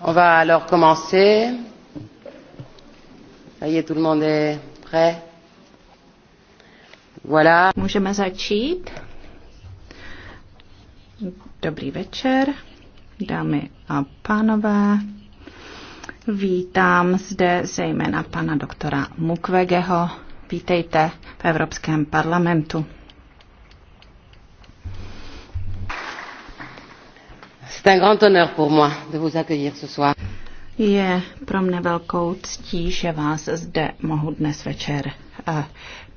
On va alors commencer. Ça y est, tout le monde est prêt. Voilà. Můžeme začít. Dobrý večer, dámy a pánové. Vítám zde zejména pana doktora Mukwegeho. Vítejte v Evropském parlamentu. C'est un grand honneur pour moi de vous accueillir ce soir. Je pro mne velkou ctí, že vás zde mohu dnes večer eh,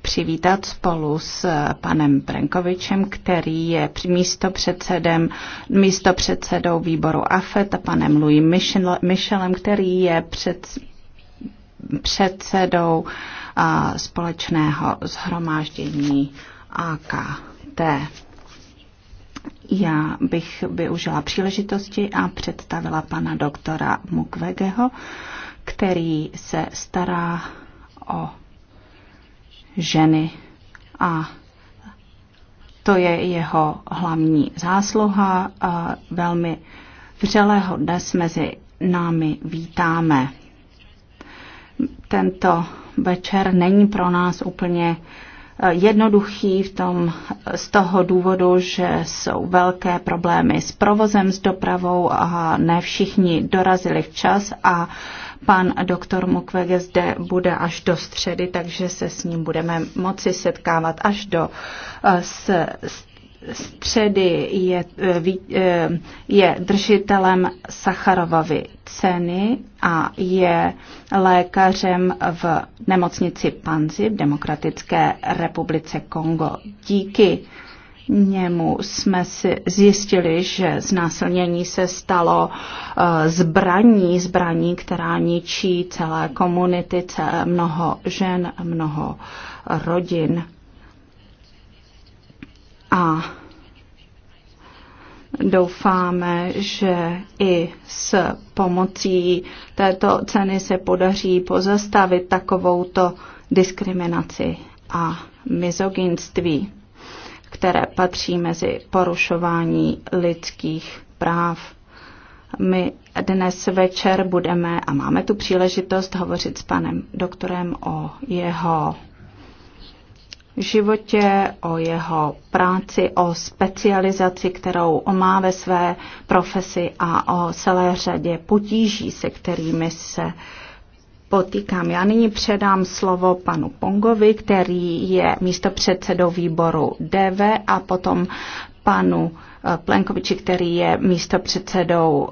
přivítat spolu s eh, panem Brenkovičem, který je místopředsedem, místopředsedou výboru AFET a panem Louis Michelem, který je před, předsedou eh, společného zhromáždění AKT. Já bych využila příležitosti a představila pana doktora Mukwegeho, který se stará o ženy a to je jeho hlavní zásluha. A velmi vřelého dnes mezi námi vítáme. Tento večer není pro nás úplně jednoduchý v tom, z toho důvodu, že jsou velké problémy s provozem, s dopravou a ne všichni dorazili včas a pan doktor Mukwege zde bude až do středy, takže se s ním budeme moci setkávat až do eh, s, s středy je, eh, eh, je držitelem Sacharovovy ceny a je lékařem v nemocnici Panzi v Demokratické republice Kongo. Díky němu jsme si zjistili, že znásilnění se stalo eh, zbraní, zbraní, která ničí celé komunity, celé mnoho žen, mnoho rodin a doufáme, že i s pomocí této ceny se podaří pozastavit takovouto diskriminaci a mizoginství, které patří mezi porušování lidských práv. My dnes večer budeme a máme tu příležitost hovořit s panem doktorem o jeho životě, o jeho práci, o specializaci, kterou má ve své profesi a o celé řadě potíží, se kterými se potýkám. Já nyní předám slovo panu Pongovi, který je místopředsedou výboru DV a potom panu Plenkoviči, který je místo předsedou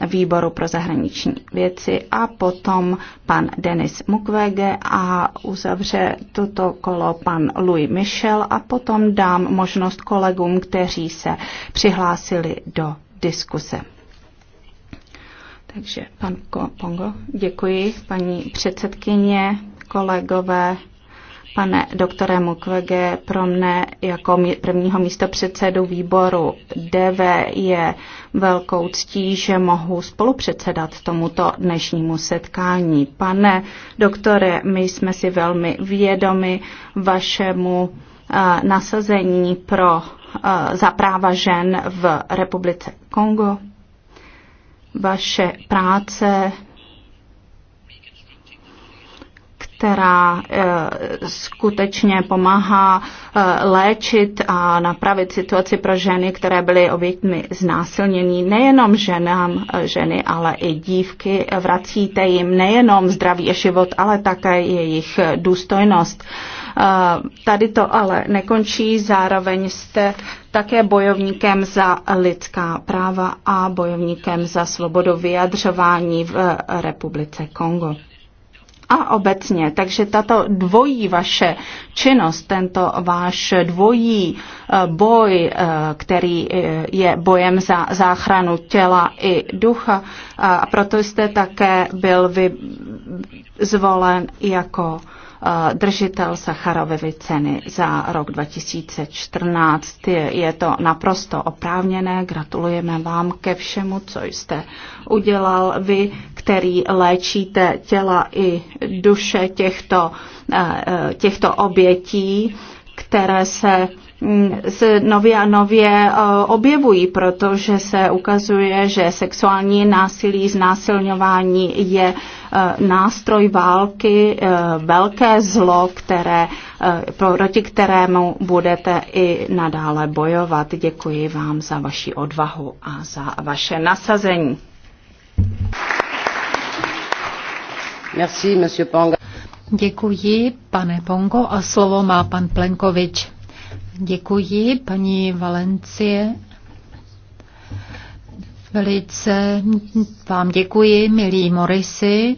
eh, výboru pro zahraniční věci a potom pan Denis Mukwege a uzavře toto kolo pan Louis Michel a potom dám možnost kolegům, kteří se přihlásili do diskuse. Takže pan Pongo, děkuji, paní předsedkyně, kolegové pane doktore Mukwege, pro mne jako prvního místopředsedu výboru DV je velkou ctí, že mohu spolupředsedat tomuto dnešnímu setkání. Pane doktore, my jsme si velmi vědomi vašemu eh, nasazení pro, eh, za práva žen v Republice Kongo. Vaše práce která eh, skutečně pomáhá eh, léčit a napravit situaci pro ženy, které byly obětmi znásilnění. Nejenom ženám, eh, ženy, ale i dívky. Vracíte jim nejenom zdraví a život, ale také jejich důstojnost. Tady to ale nekončí, zároveň jste také bojovníkem za lidská práva a bojovníkem za svobodu vyjadřování v Republice Kongo a obecně. Takže tato dvojí vaše činnost, tento váš dvojí eh, boj, eh, který eh, je bojem za záchranu těla i ducha, a proto jste také byl vy zvolen jako držitel Sacharovy ceny za rok 2014. Je to naprosto oprávněné. Gratulujeme vám ke všemu, co jste udělal vy, který léčíte těla i duše těchto, eh, eh, těchto obětí, které se se mm, nově a nově eh, objevují, protože se ukazuje, že sexuální násilí, znásilňování je Eh, nástroj války eh, velké zlo, které, eh, proti kterému budete i nadále bojovat. Děkuji vám za vaši odvahu a za vaše nasazení. Merci, monsieur Ponga. Děkuji, pane Pongo, a slovo má pan Plenkovič. Děkuji, paní Valencie. Velice vám děkuji, milí Morisy,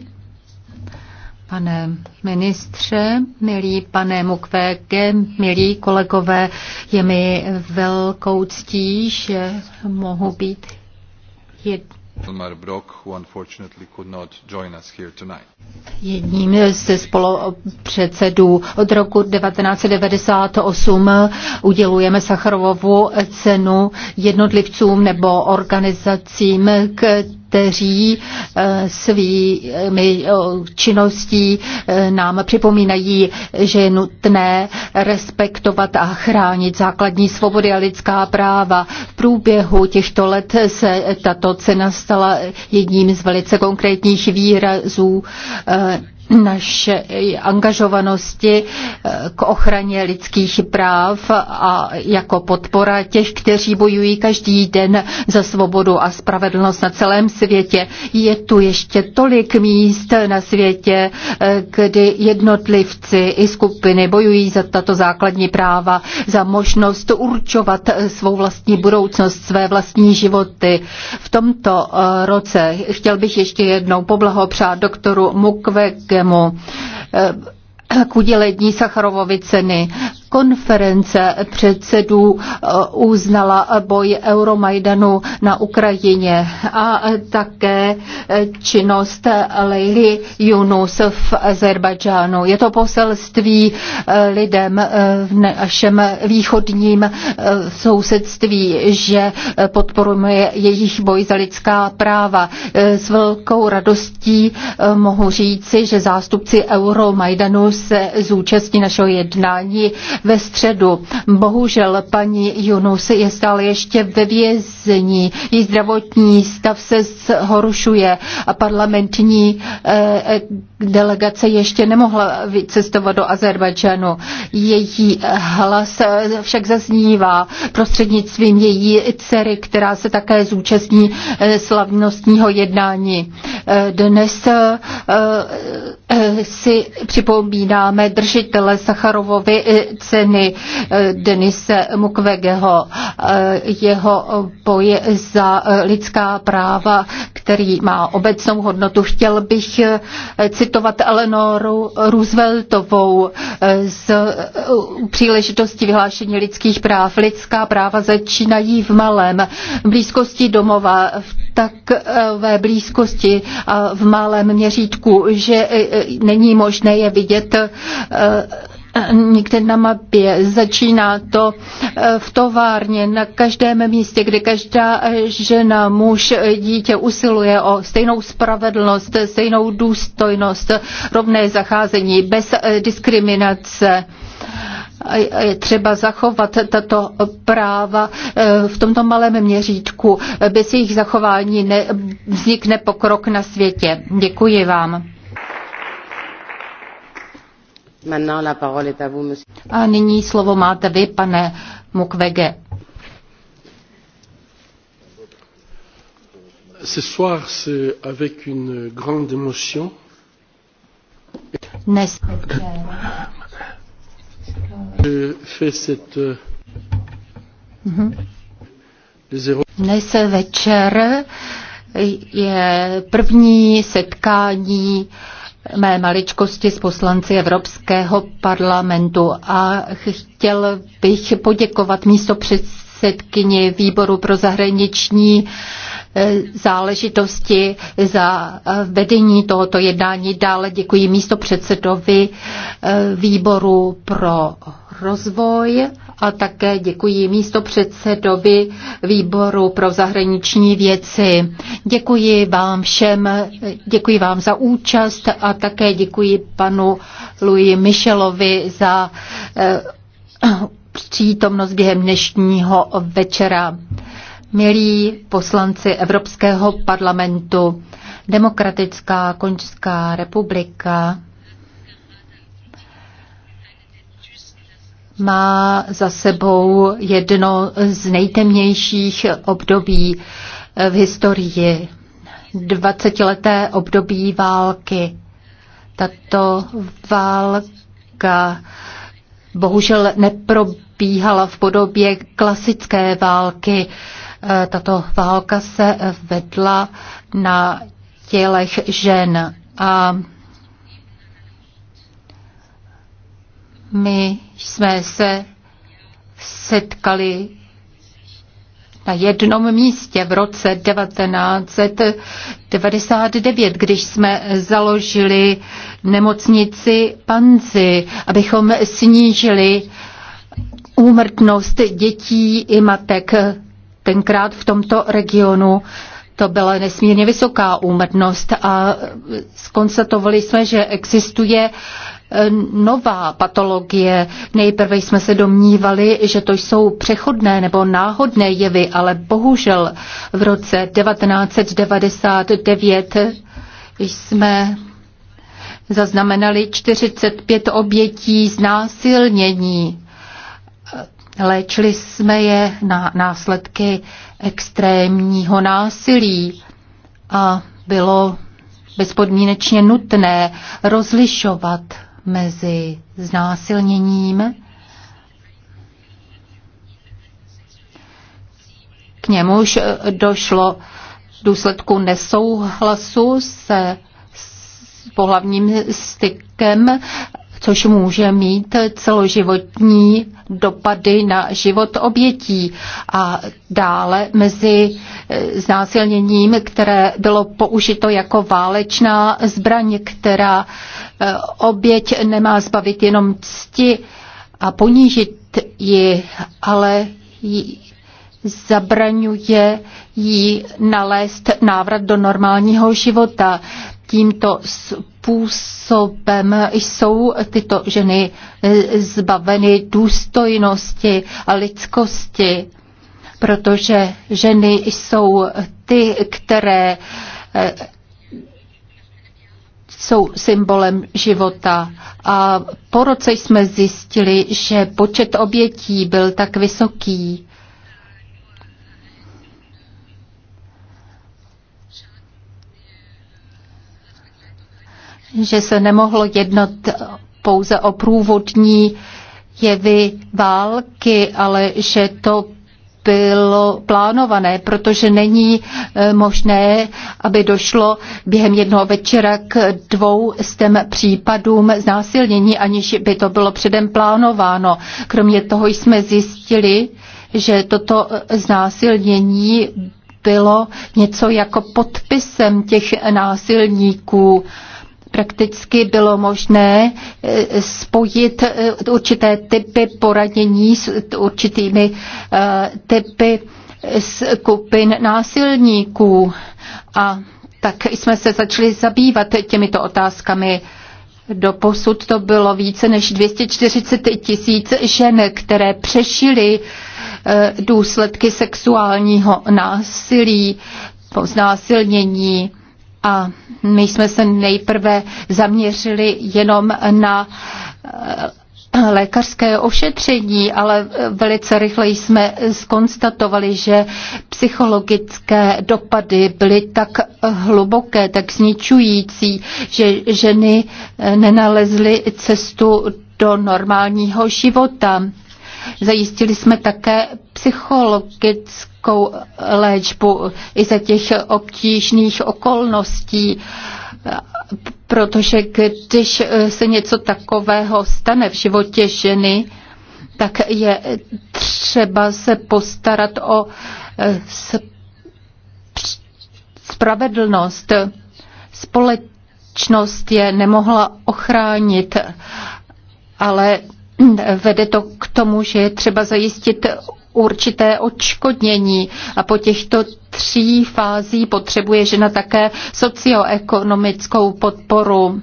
pane ministře, milí pane Mukwege, milí kolegové. Je mi velkou ctí, že mohu být jedním Elmar who unfortunately could not join us here tonight. Jedním ze spolupředsedů od roku 1998 udělujeme Sacharovovu cenu jednotlivcům nebo organizacím, které kteří eh, svými eh, činností eh, nám připomínají, že je nutné respektovat a chránit základní svobody a lidská práva. V průběhu těchto let se tato cena stala jedním z velice konkrétních výrazů naše eh, angažovanosti eh, k ochraně lidských práv a jako podpora těch, kteří bojují každý den za svobodu a spravedlnost na celém světě. Je tu ještě tolik míst na světě, eh, kdy jednotlivci i skupiny bojují za tato základní práva, za možnost určovat svou vlastní budoucnost, své vlastní životy. V tomto roce chtěl bych ještě jednou poblahopřát doktoru Mukvek Černickému eh, k udělení Sacharovovy ceny. Konference předsedů eh, uznala boj Euromajdanu na Ukrajině a také eh, činnost Leily Yunus v Azerbajdžánu. Je to poselství eh, lidem v našem východním sousedství, že podporujeme jejich boj za lidská práva. S velkou radostí mohu říci, že zástupci Euromajdanu se zúčastní našeho jednání ve středu. Bohužel paní Junus je stále ještě ve vězení. Její zdravotní stav se zhoršuje a parlamentní eh, eh, delegace ještě nemohla vycestovat do Azerbajdžanu. Její hlas eh, však zaznívá prostřednictvím její dcery, která se také zúčastní slavnostního jednání. Dnes si připomínáme držitele Sacharovovy ceny eh, Denise Mukwegeho, eh, jeho boje za eh, lidská práva, který má obecnou hodnotu. Chtěl bych citovat Eleanoru Rooseveltovou z příležitosti vyhlášení lidských práv. Lidská práva začínají v malém, v blízkosti domova, v takové blízkosti a v malém měřítku, že není možné je vidět někde na mapě. Začíná to e, v továrně, na každém místě, kde každá žena, muž, dítě usiluje o stejnou spravedlnost, stejnou důstojnost, rovné zacházení bez e, diskriminace je třeba zachovat tato práva e, v tomto malém měřítku. Bez jejich zachování ne, vznikne pokrok na světě. Děkuji vám. A nyní slovo máte vy, pane Mukwege. Ce Dnes euh, mhm. dnes večer je první setkání mé maličkosti z poslanci Evropského parlamentu a chtěl bych poděkovat místo předsedkyni výboru pro zahraniční eh, záležitosti za eh, vedení tohoto jednání. Dále děkuji místo předsedovi eh, výboru pro rozvoj a také děkuji místo předsedovi výboru pro zahraniční věci. Děkuji vám všem, děkuji vám za účast a také děkuji panu Louis Michelovi za eh, přítomnost během dnešního večera. Milí poslanci Evropského parlamentu, Demokratická Končská republika má za sebou jedno z nejtemnějších období eh, v historii. 20-leté období války. Tato válka bohužel neprobíhala v podobě klasické války. Eh, tato válka se vedla na tělech žen a my jsme se setkali na jednom místě v roce 1999, když jsme založili nemocnici Panzi, abychom snížili úmrtnost dětí i matek. Tenkrát v tomto regionu to byla nesmírně vysoká úmrtnost a skonstatovali jsme, že existuje nová patologie. Nejprve jsme se domnívali, že to jsou přechodné nebo náhodné jevy, ale bohužel v roce 1999 jsme zaznamenali 45 obětí znásilnění. Léčili jsme je na následky extrémního násilí a bylo bezpodmínečně nutné rozlišovat mezi znásilněním, k němuž došlo v důsledku nesouhlasu se pohlavním stykem což může mít celoživotní dopady na život obětí a dále mezi eh, znásilněním, které bylo použito jako válečná zbraň, která eh, oběť nemá zbavit jenom cti a ponížit ji, ale ji zabraňuje jí nalézt návrat do normálního života tímto způsobem jsou tyto ženy eh, zbaveny důstojnosti a lidskosti, protože ženy jsou ty, které eh, jsou symbolem života. A po roce jsme zjistili, že počet obětí byl tak vysoký, že se nemohlo jednat pouze o průvodní jevy války, ale že to bylo plánované, protože není e, možné, aby došlo během jednoho večera k dvou z těm případům znásilnění, aniž by to bylo předem plánováno. Kromě toho jsme zjistili, že toto znásilnění bylo něco jako podpisem těch násilníků prakticky bylo možné eh, spojit eh, určité typy poradění s určitými eh, typy skupin násilníků. A tak jsme se začali zabývat těmito otázkami. Doposud to bylo více než 240 tisíc žen, které přešily důsledky sexuálního násilí, znásilnění a my jsme se nejprve zaměřili jenom na eh, lékařské ošetření, ale eh, velice rychle jsme skonstatovali, že psychologické dopady byly tak hluboké, tak zničující, že ženy eh, nenalezly cestu do normálního života. Zajistili jsme také psychologické lehkou léčbu i za těch obtížných okolností, protože když se něco takového stane v životě ženy, tak je třeba se postarat o spravedlnost. Společnost je nemohla ochránit, ale Vede to k tomu, že je třeba zajistit určité odškodnění a po těchto tří fází potřebuje žena také socioekonomickou podporu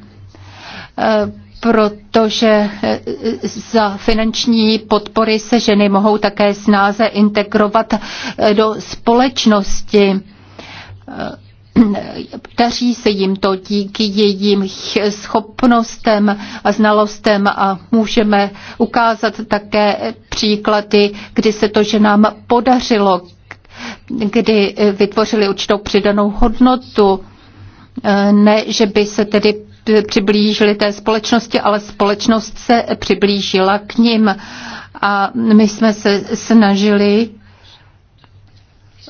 eh, protože eh, za finanční podpory se ženy mohou také snáze integrovat eh, do společnosti daří se jim to díky jejím schopnostem a znalostem a můžeme ukázat také příklady, kdy se to ženám podařilo, kdy vytvořili určitou přidanou hodnotu. E, ne, že by se tedy přiblížili té společnosti, ale společnost se přiblížila k ním A my jsme se snažili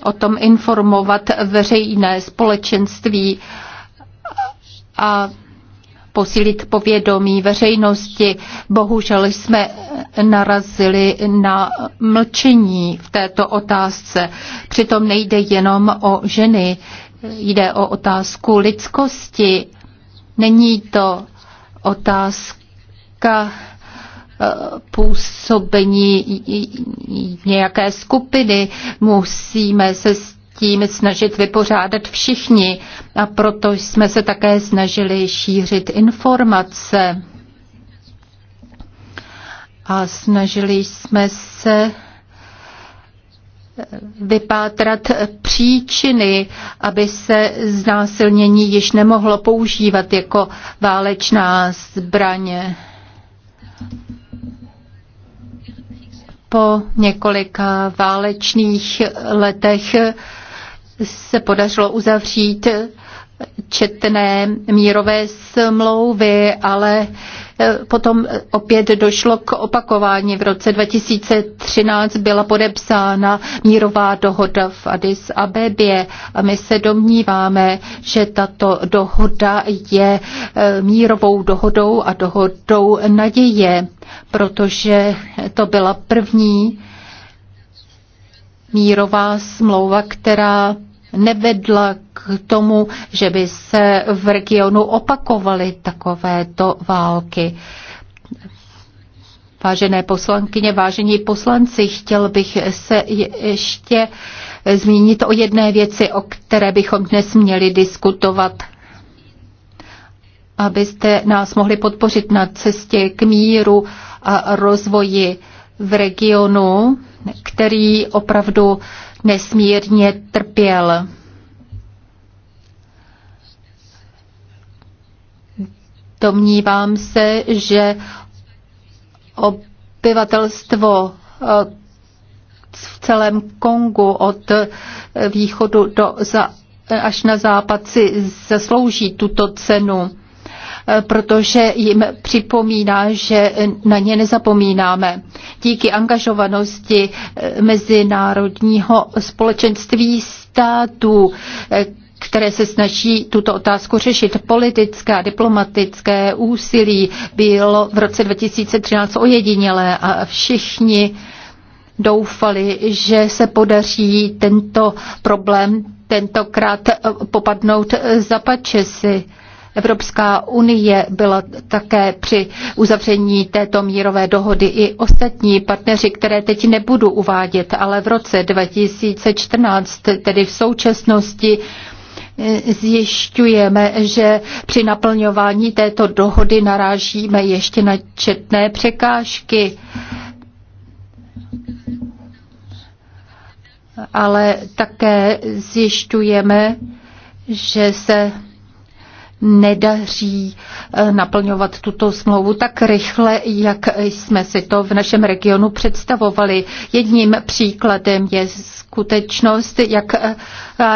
o tom informovat veřejné společenství a posílit povědomí veřejnosti. Bohužel jsme narazili na mlčení v této otázce. Přitom nejde jenom o ženy, jde o otázku lidskosti. Není to otázka působení nějaké skupiny. Musíme se s tím snažit vypořádat všichni a proto jsme se také snažili šířit informace a snažili jsme se eh, vypátrat příčiny, aby se znásilnění již nemohlo používat jako válečná zbraně po několika eh, válečných letech se podařilo uzavřít četné mírové smlouvy, ale Eh, potom opět došlo k opakování. V roce 2013 byla podepsána mírová dohoda v Addis Abebě a my se domníváme, že tato dohoda je eh, mírovou dohodou a dohodou naděje, protože to byla první mírová smlouva, která nevedla k tomu, že by se v regionu opakovaly takovéto války. Vážené poslankyně, vážení poslanci, chtěl bych se ještě zmínit o jedné věci, o které bychom dnes měli diskutovat abyste nás mohli podpořit na cestě k míru a rozvoji v regionu, který opravdu nesmírně trpěl. Domnívám se, že obyvatelstvo eh, v celém Kongu od eh, východu do, za, až na západ si zaslouží tuto cenu protože jim připomíná, že na ně nezapomínáme. Díky angažovanosti eh, mezinárodního společenství států, eh, které se snaží tuto otázku řešit. Politické a diplomatické úsilí bylo v roce 2013 ojedinělé a všichni doufali, že se podaří tento problém tentokrát eh, popadnout za pačesy. Evropská unie byla také při uzavření této mírové dohody i ostatní partneři, které teď nebudu uvádět, ale v roce 2014, tedy v současnosti, zjišťujeme, že při naplňování této dohody narážíme ještě na četné překážky. Ale také zjišťujeme, že se nedaří eh, naplňovat tuto smlouvu tak rychle, jak jsme si to v našem regionu představovali. Jedním příkladem je skutečnost, jak eh,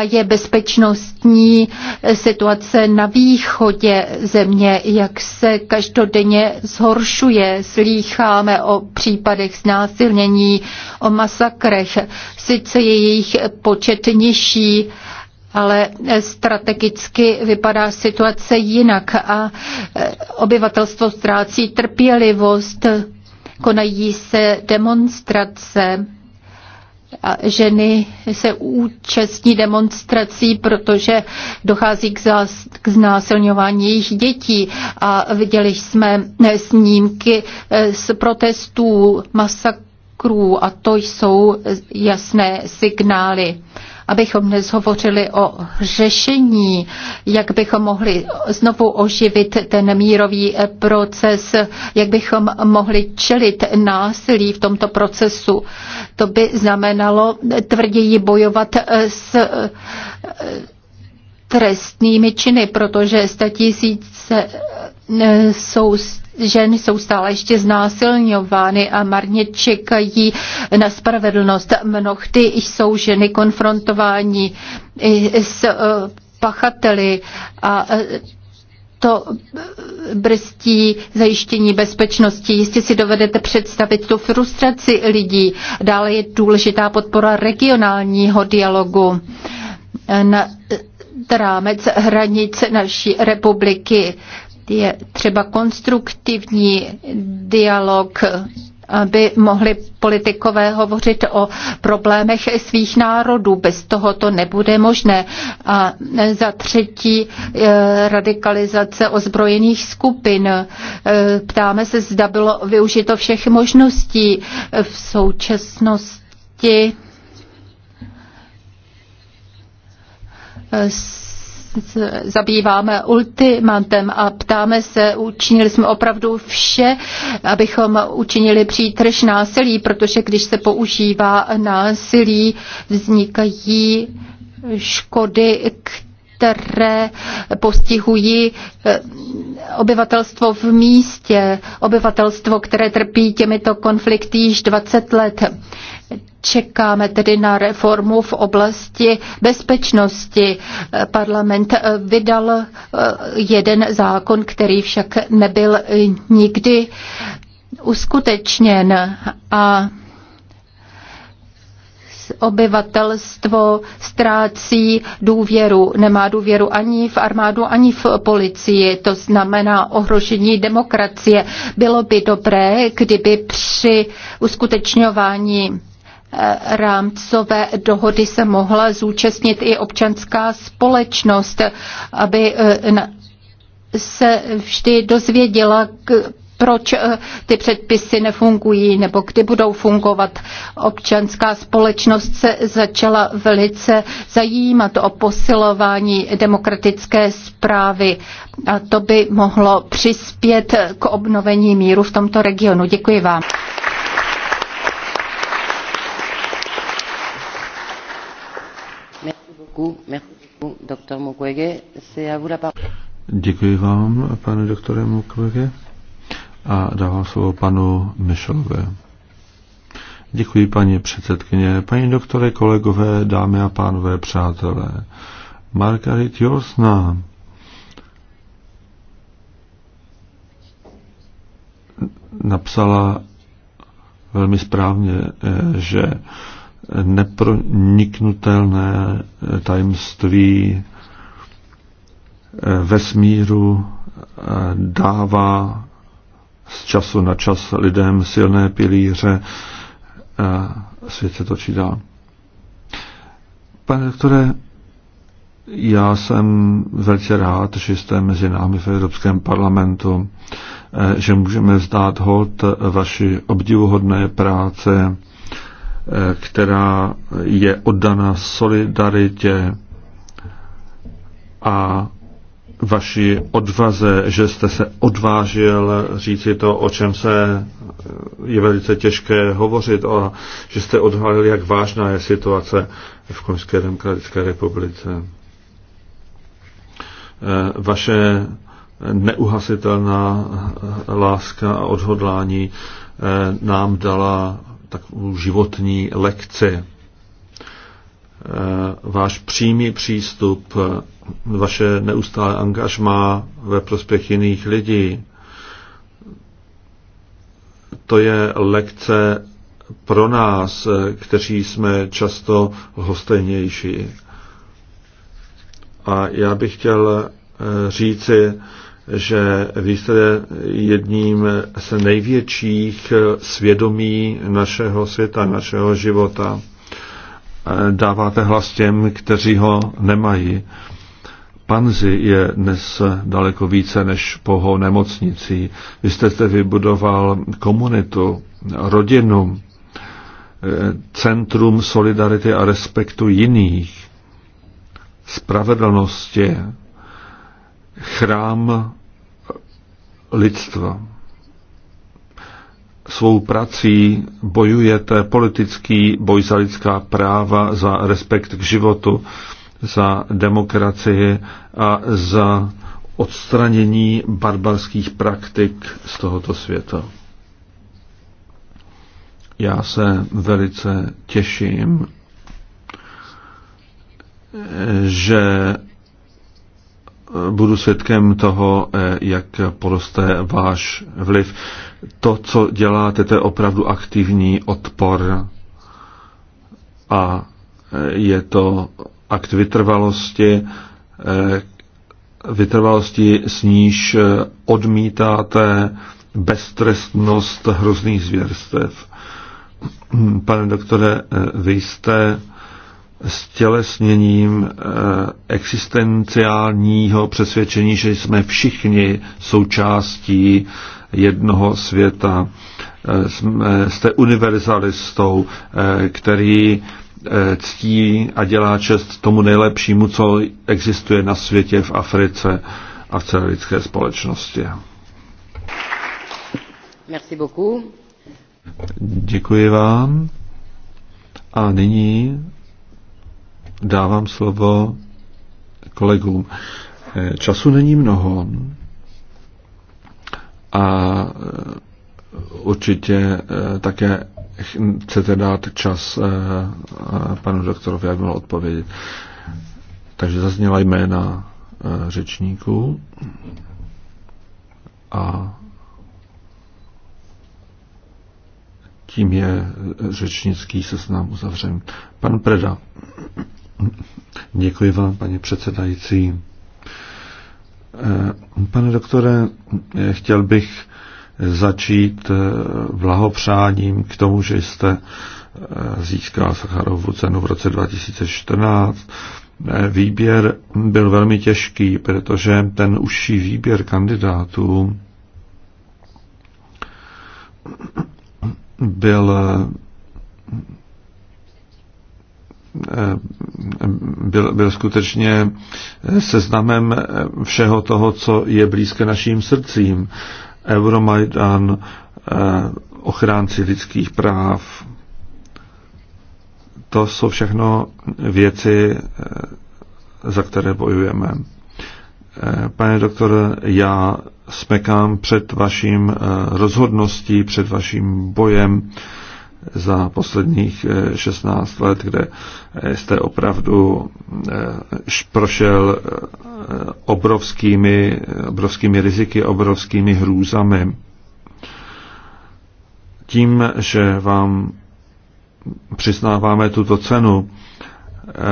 je bezpečnostní situace na východě země, jak se každodenně zhoršuje. Slýcháme o případech znásilnění, o masakrech. Sice je jejich počet nižší, ale eh, strategicky vypadá situace jinak a eh, obyvatelstvo ztrácí trpělivost, konají se demonstrace, a ženy se účastní demonstrací, protože dochází k, zás, k znásilňování jejich dětí a viděli jsme eh, snímky z protestů, masakrů a to jsou jasné signály abychom dnes hovořili o řešení, jak bychom mohli znovu oživit ten mírový eh, proces, jak bychom mohli čelit násilí v tomto procesu. To by znamenalo tvrději bojovat eh, s eh, trestnými činy, protože statisíce jsou ženy jsou stále ještě znásilňovány a marně čekají na spravedlnost. Mnohdy jsou ženy konfrontováni s eh, pachateli a eh, to brzdí zajištění bezpečnosti. Jistě si dovedete představit tu frustraci lidí. Dále je důležitá podpora regionálního dialogu. Na eh, rámec hranic naší republiky je třeba konstruktivní dialog, aby mohli politikové hovořit o problémech svých národů. Bez toho to nebude možné. A za třetí eh, radikalizace ozbrojených skupin. Eh, ptáme se, zda bylo využito všech možností v současnosti eh, zabýváme ultimantem a ptáme se, učinili jsme opravdu vše, abychom učinili přítrž násilí, protože když se používá násilí, vznikají škody, které postihují eh, obyvatelstvo v místě, obyvatelstvo, které trpí těmito konflikty již 20 let. Čekáme tedy na reformu v oblasti bezpečnosti. Parlament eh, vydal eh, jeden zákon, který však nebyl eh, nikdy uskutečněn a obyvatelstvo ztrácí důvěru. Nemá důvěru ani v armádu, ani v policii. To znamená ohrožení demokracie. Bylo by dobré, kdyby při uskutečňování Eh, rámcové dohody se mohla zúčastnit i občanská společnost, aby eh, se vždy dozvěděla, proč eh, ty předpisy nefungují nebo kdy budou fungovat. Občanská společnost se začala velice zajímat o posilování demokratické zprávy a to by mohlo přispět k obnovení míru v tomto regionu. Děkuji vám. Děkuji vám, pane doktore Mukwege. A dávám slovo panu Mišelové. Děkuji, paní předsedkyně. Paní doktore, kolegové, dámy a pánové, přátelé. Margaret Josna napsala velmi správně, eh, že neproniknutelné tajemství eh, vesmíru eh, dává z času na čas lidem silné pilíře. Eh, svět se točí dál. Pane doktore, já jsem velice rád, že jste mezi námi v Evropském parlamentu, že můžeme zdát hod vaši obdivuhodné práce která je oddana solidaritě a vaší odvaze, že jste se odvážil říci to, o čem se je velice těžké hovořit a že jste odhalil, jak vážná je situace v Konžské demokratické republice. Vaše neuhasitelná láska a odhodlání nám dala takovou životní lekci. E, váš přímý přístup, e, vaše neustále angažma ve prospěch jiných lidí, to je lekce pro nás, e, kteří jsme často hostejnější. A já bych chtěl říci, že vy jste jedním z největších svědomí našeho světa, našeho života. Dáváte hlas těm, kteří ho nemají. Panzi je dnes daleko více než poho nemocnicí. Vy jste zde vybudoval komunitu, rodinu, centrum solidarity a respektu jiných, spravedlnosti, chrám lidstva. Svou prací bojujete politický boj za lidská práva, za respekt k životu, za demokracii a za odstranění barbarských praktik z tohoto světa. Já se velice těším, že budu svědkem toho, eh, jak poroste váš vliv. To, co děláte, to je opravdu aktivní odpor a eh, je to akt vytrvalosti, eh, vytrvalosti s níž odmítáte beztrestnost hrozných zvěrstev. Pane doktore, vy jste stělesněním eh, existenciálního přesvědčení, že jsme všichni součástí jednoho světa. Eh, jsme, jste univerzalistou, eh, který ctí a dělá čest tomu nejlepšímu, co existuje na světě, v Africe a v celé lidské společnosti. Merci beaucoup. Děkuji vám. A nyní dávám slovo kolegům. Eh, času není mnoho a eh, určitě eh, také chcete dát čas panu doktorovi, aby mohl odpovědět. Takže zazněla jména řečníků a tím je řečnický seznam uzavřen. Pan Preda. Děkuji vám, paní předsedající. Eh, pane doktore, eh, chtěl bych začít eh, blahopřáním k tomu, že jste získal Sacharovu cenu v roce 2014. Výběr byl velmi těžký, protože ten užší výběr kandidátů byl Eh, byl, byl skutečně eh, seznamem eh, všeho toho, co je blízké našim srdcím. Euromaidan, ochránci lidských práv, to jsou všechno věci, za které bojujeme. Pane doktor, já smekám před vaším rozhodností, před vaším bojem za posledních 16 eh, let, kde eh, jste opravdu eh, prošel obrovskými, obrovskými riziky, obrovskými hrůzami. Tím, že vám přiznáváme tuto cenu,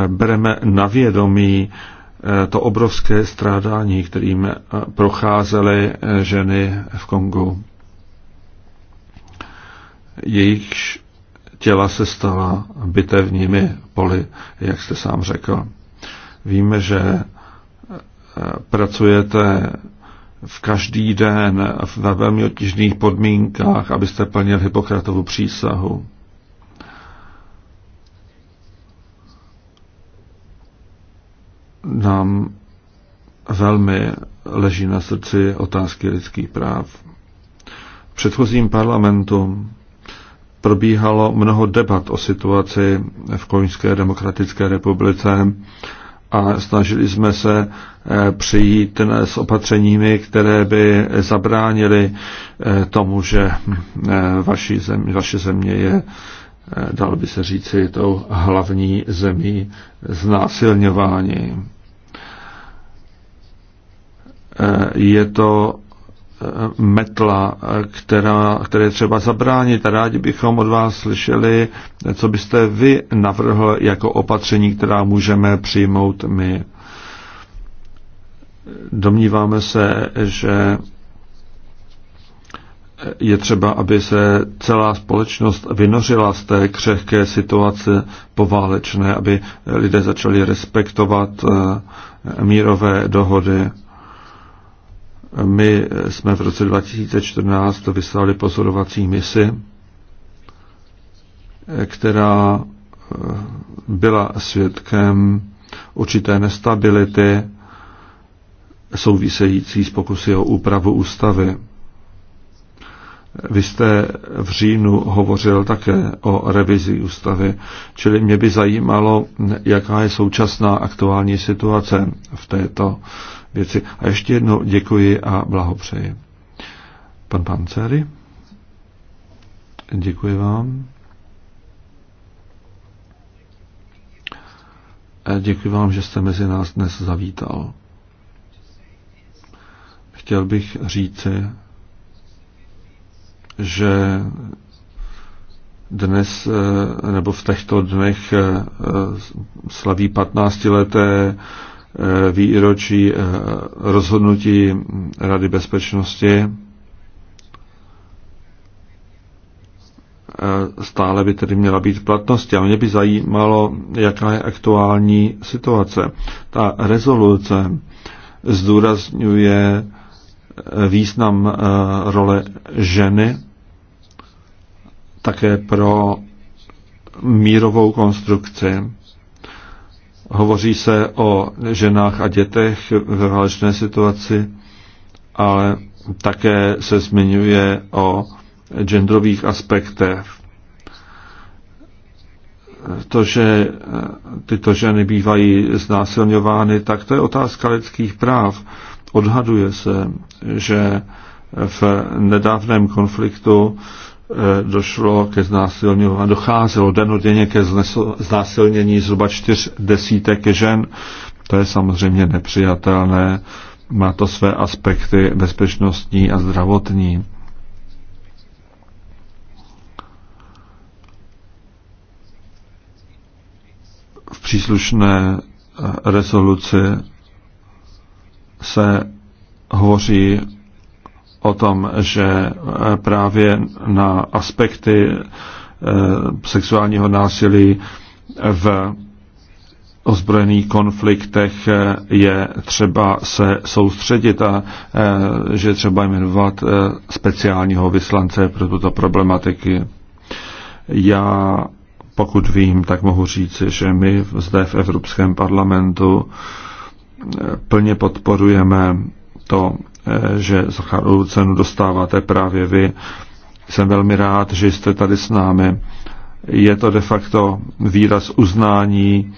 bereme na vědomí to obrovské strádání, kterým procházely ženy v Kongu jejichž těla se stala bitevními poli, jak jste sám řekl. Víme, že eh, pracujete v každý den ve velmi obtížných podmínkách, abyste plnil Hippokratovu přísahu. Nám velmi leží na srdci otázky lidských práv. V předchozím parlamentu probíhalo mnoho debat o situaci v Koňské demokratické republice a snažili jsme se eh, přijít s opatřeními, které by zabránili eh, tomu, že hm, eh, vaši zem, vaše země je, dal by se říci, tou hlavní zemí znásilňování. Je to metla, která, které třeba zabránit. rádi bychom od vás slyšeli, co byste vy navrhl jako opatření, která můžeme přijmout my. Domníváme se, že je třeba, aby se celá společnost vynořila z té křehké situace poválečné, aby lidé začali respektovat eh, mírové dohody my jsme v roce 2014 vyslali pozorovací misi, která eh, byla svědkem určité nestability související s pokusy o úpravu ústavy. Vy jste v říjnu hovořil také o revizi ústavy, čili mě by zajímalo, jaká je současná aktuální situace v této věci. A ještě jednou děkuji a blahopřeji. Pan Pancery, děkuji vám. A děkuji vám, že jste mezi nás dnes zavítal. Chtěl bych říci, že dnes eh, nebo v těchto dnech eh, slaví 15 leté Eh, výročí eh, rozhodnutí Rady bezpečnosti. Eh, stále by tedy měla být v platnosti. A mě by zajímalo, jaká je aktuální situace. Ta rezoluce zdůrazňuje význam role ženy také pro mírovou konstrukci Hovoří se o ženách a dětech ve válečné situaci, ale také se zmiňuje o genderových aspektech. To, že tyto ženy bývají znásilňovány, tak to je otázka lidských práv. Odhaduje se, že v nedávném konfliktu Eh, došlo ke znásilňování, docházelo denodenně ke znásilnění zhruba čtyř desítek žen. To je samozřejmě nepřijatelné. Má to své aspekty bezpečnostní a zdravotní. V příslušné eh, rezoluci se hovoří o tom, že e, právě na aspekty e, sexuálního násilí v ozbrojených konfliktech e, je třeba se soustředit a že třeba jmenovat speciálního vyslance pro tuto problematiky. Já, pokud vím, tak mohu říci, že my zde v Evropském parlamentu plně podporujeme to, Eh, že Zacharovu cenu dostáváte právě vy. Jsem velmi rád, že jste tady s námi. Je to de facto výraz uznání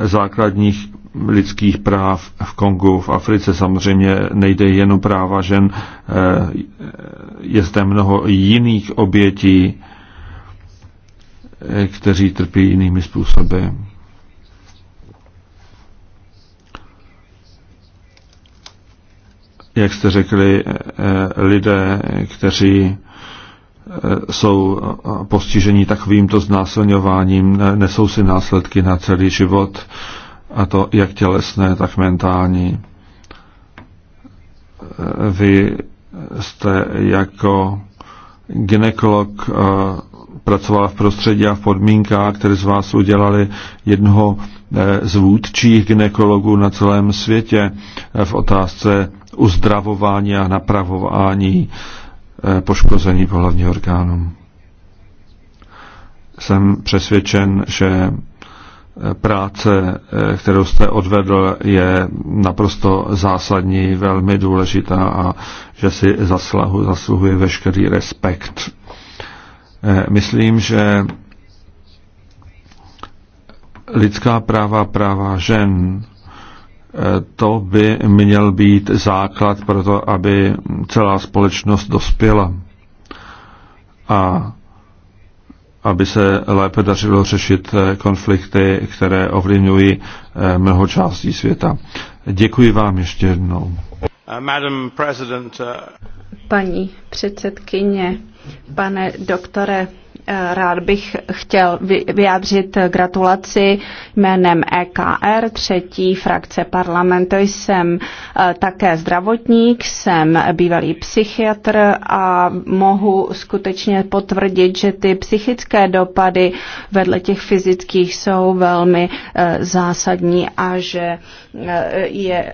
základních lidských práv v Kongu, v Africe samozřejmě nejde jen o práva žen, eh, je zde mnoho jiných obětí, eh, kteří trpí jinými způsoby. jak jste řekli, eh, eh, lidé, kteří eh, jsou postiženi takovýmto znásilňováním, nesou si následky na celý život, a to jak tělesné, tak mentální. Vy jste jako ginekolog pracoval v prostředí a v podmínkách, které z vás udělali jednoho z vůdčích ginekologů na celém světě v otázce uzdravování a napravování eh, poškození pohlavního orgánu. Jsem přesvědčen, že eh, práce, eh, kterou jste odvedl, je naprosto zásadní, velmi důležitá a že si zaslahu, zasluhuje veškerý respekt. Myslím, že lidská práva, práva žen, to by měl být základ pro to, aby celá společnost dospěla a aby se lépe dařilo řešit eh, konflikty, které ovlivňují eh, mnoho částí světa. Děkuji vám ještě jednou. Uh, uh, Paní předsedkyně, pane doktore Rád bych chtěl vyjádřit gratulaci jménem EKR, třetí frakce parlamentu. Jsem eh, také zdravotník, jsem bývalý psychiatr a mohu skutečně potvrdit, že ty psychické dopady vedle těch fyzických jsou velmi eh, zásadní a že eh, je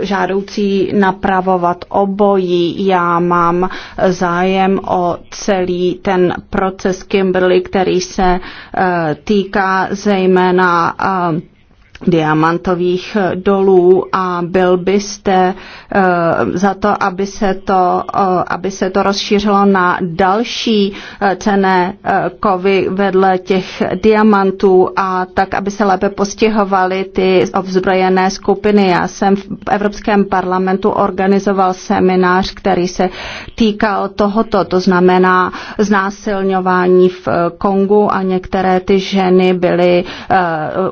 žádoucí napravovat obojí. Já mám zájem o celý ten proces z Kimberly, který se eh, týká zejména eh, diamantových eh, dolů a byl byste eh, za to, aby se to, eh, aby se to rozšířilo na další cené kovy vedle těch diamantů a tak, aby se lépe postihovaly ty obzbrojené skupiny. Já jsem v Evropském parlamentu organizoval seminář, který se týkal tohoto, to znamená znásilňování v Kongu a některé ty ženy byly,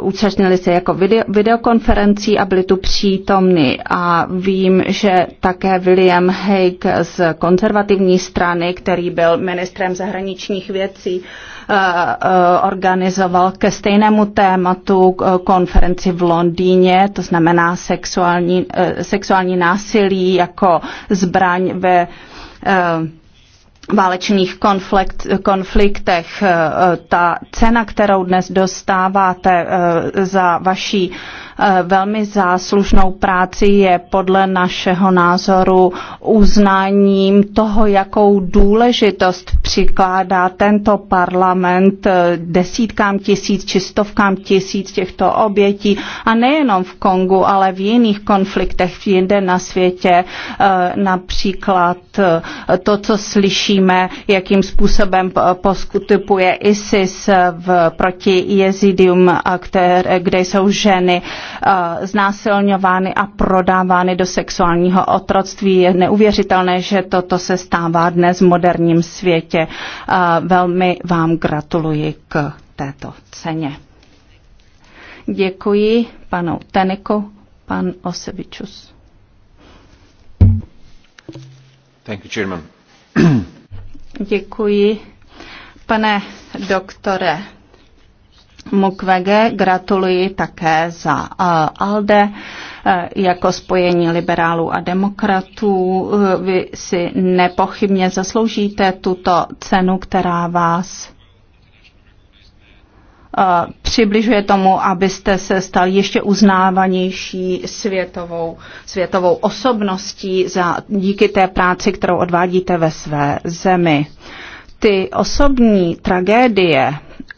účastnily se jako video, videokonferencí a byli tu přítomny. A vím, že také William Hague z konzervativní strany, který byl ministrem zahraničních věcí, eh, eh, organizoval ke stejnému tématu eh, konferenci v Londýně, to znamená sexuální, sexuální násilí jako zbraň ve válečných konflikt, konfliktech. Eh, eh, ta cena, kterou dnes dostáváte eh, za vaší Eh, velmi záslužnou práci je podle našeho názoru uznáním toho, jakou důležitost přikládá tento parlament eh, desítkám tisíc či stovkám tisíc těchto obětí a nejenom v Kongu, ale v jiných konfliktech jinde na světě, eh, například to, co slyšíme, jakým způsobem poskutupuje ISIS v, proti jezidium, které, kde jsou ženy Eh, znásilňovány a prodávány do sexuálního otroctví. Je neuvěřitelné, že toto se stává dnes v moderním světě. Eh, velmi vám gratuluji k této ceně. Děkuji panu Teniku, pan Osevičus. Thank you, Chairman. Děkuji, pane doktore Mukwege, gratuluji také za eh, ALDE eh, jako spojení liberálů a demokratů. Eh, vy si nepochybně zasloužíte tuto cenu, která vás přibližuje tomu, abyste se stal ještě uznávanější světovou, světovou osobností za, díky té práci, kterou odvádíte ve své zemi. Ty osobní tragédie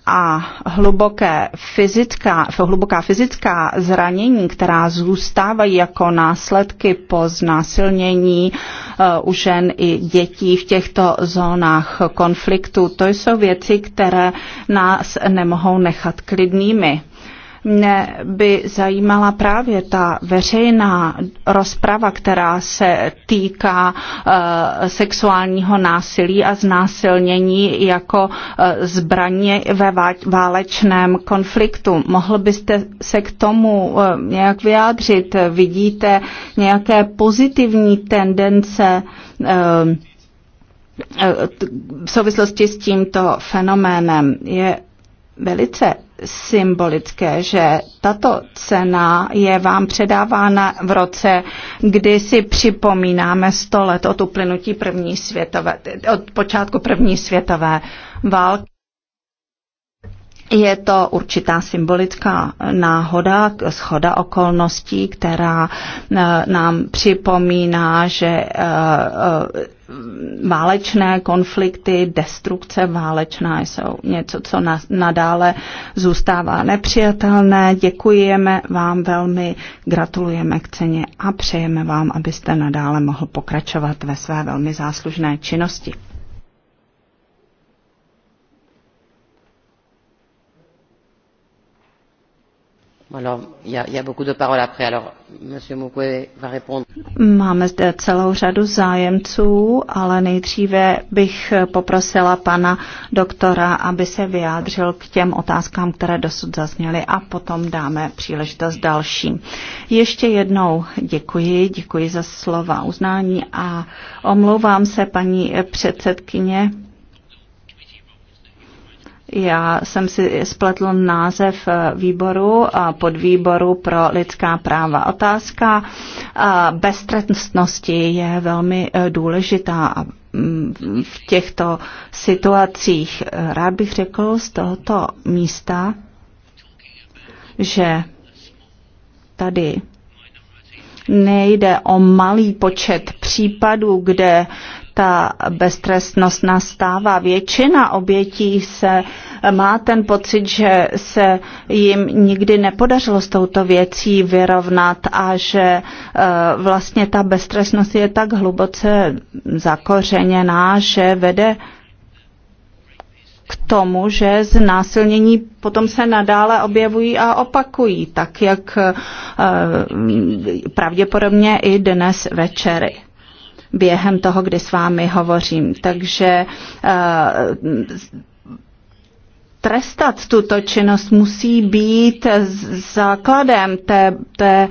a hluboké fyzická, hluboká fyzická zranění, která zůstávají jako následky po znásilnění eh, u žen i dětí v těchto zónách konfliktu, to jsou věci, které nás nemohou nechat klidnými. Mne by zajímala právě ta veřejná rozprava, která se týká eh, sexuálního násilí a znásilnění jako eh, zbraně ve válečném konfliktu. Mohl byste se k tomu eh, nějak vyjádřit? Vidíte nějaké pozitivní tendence v souvislosti s tímto fenoménem? Je velice symbolické, že tato cena je vám předávána v roce, kdy si připomínáme 100 let od uplynutí první světové, od počátku první světové války je to určitá symbolická náhoda, schoda okolností, která eh, nám připomíná, že eh, eh, válečné konflikty, destrukce válečná jsou něco, co nadále zůstává nepřijatelné. Děkujeme vám velmi, gratulujeme k ceně a přejeme vám, abyste nadále mohl pokračovat ve své velmi záslužné činnosti. Máme zde celou řadu zájemců, ale nejdříve bych poprosila pana doktora, aby se vyjádřil k těm otázkám, které dosud zazněly a potom dáme příležitost dalším. Ještě jednou děkuji, děkuji za slova uznání a omlouvám se paní předsedkyně já jsem si spletl název eh, výboru a podvýboru pro lidská práva. Otázka eh, beztrestnosti je velmi eh, důležitá a mm, v těchto situacích. Rád bych řekl z tohoto místa, že tady nejde o malý počet případů, kde ta beztrestnost nastává. Většina obětí se má ten pocit, že se jim nikdy nepodařilo s touto věcí vyrovnat a že eh, vlastně ta beztrestnost je tak hluboce zakořeněná, že vede k tomu, že znásilnění potom se nadále objevují a opakují, tak jak eh, pravděpodobně i dnes večery během toho, kdy s vámi hovořím. Takže eh, trestat tuto činnost musí být základem té, té,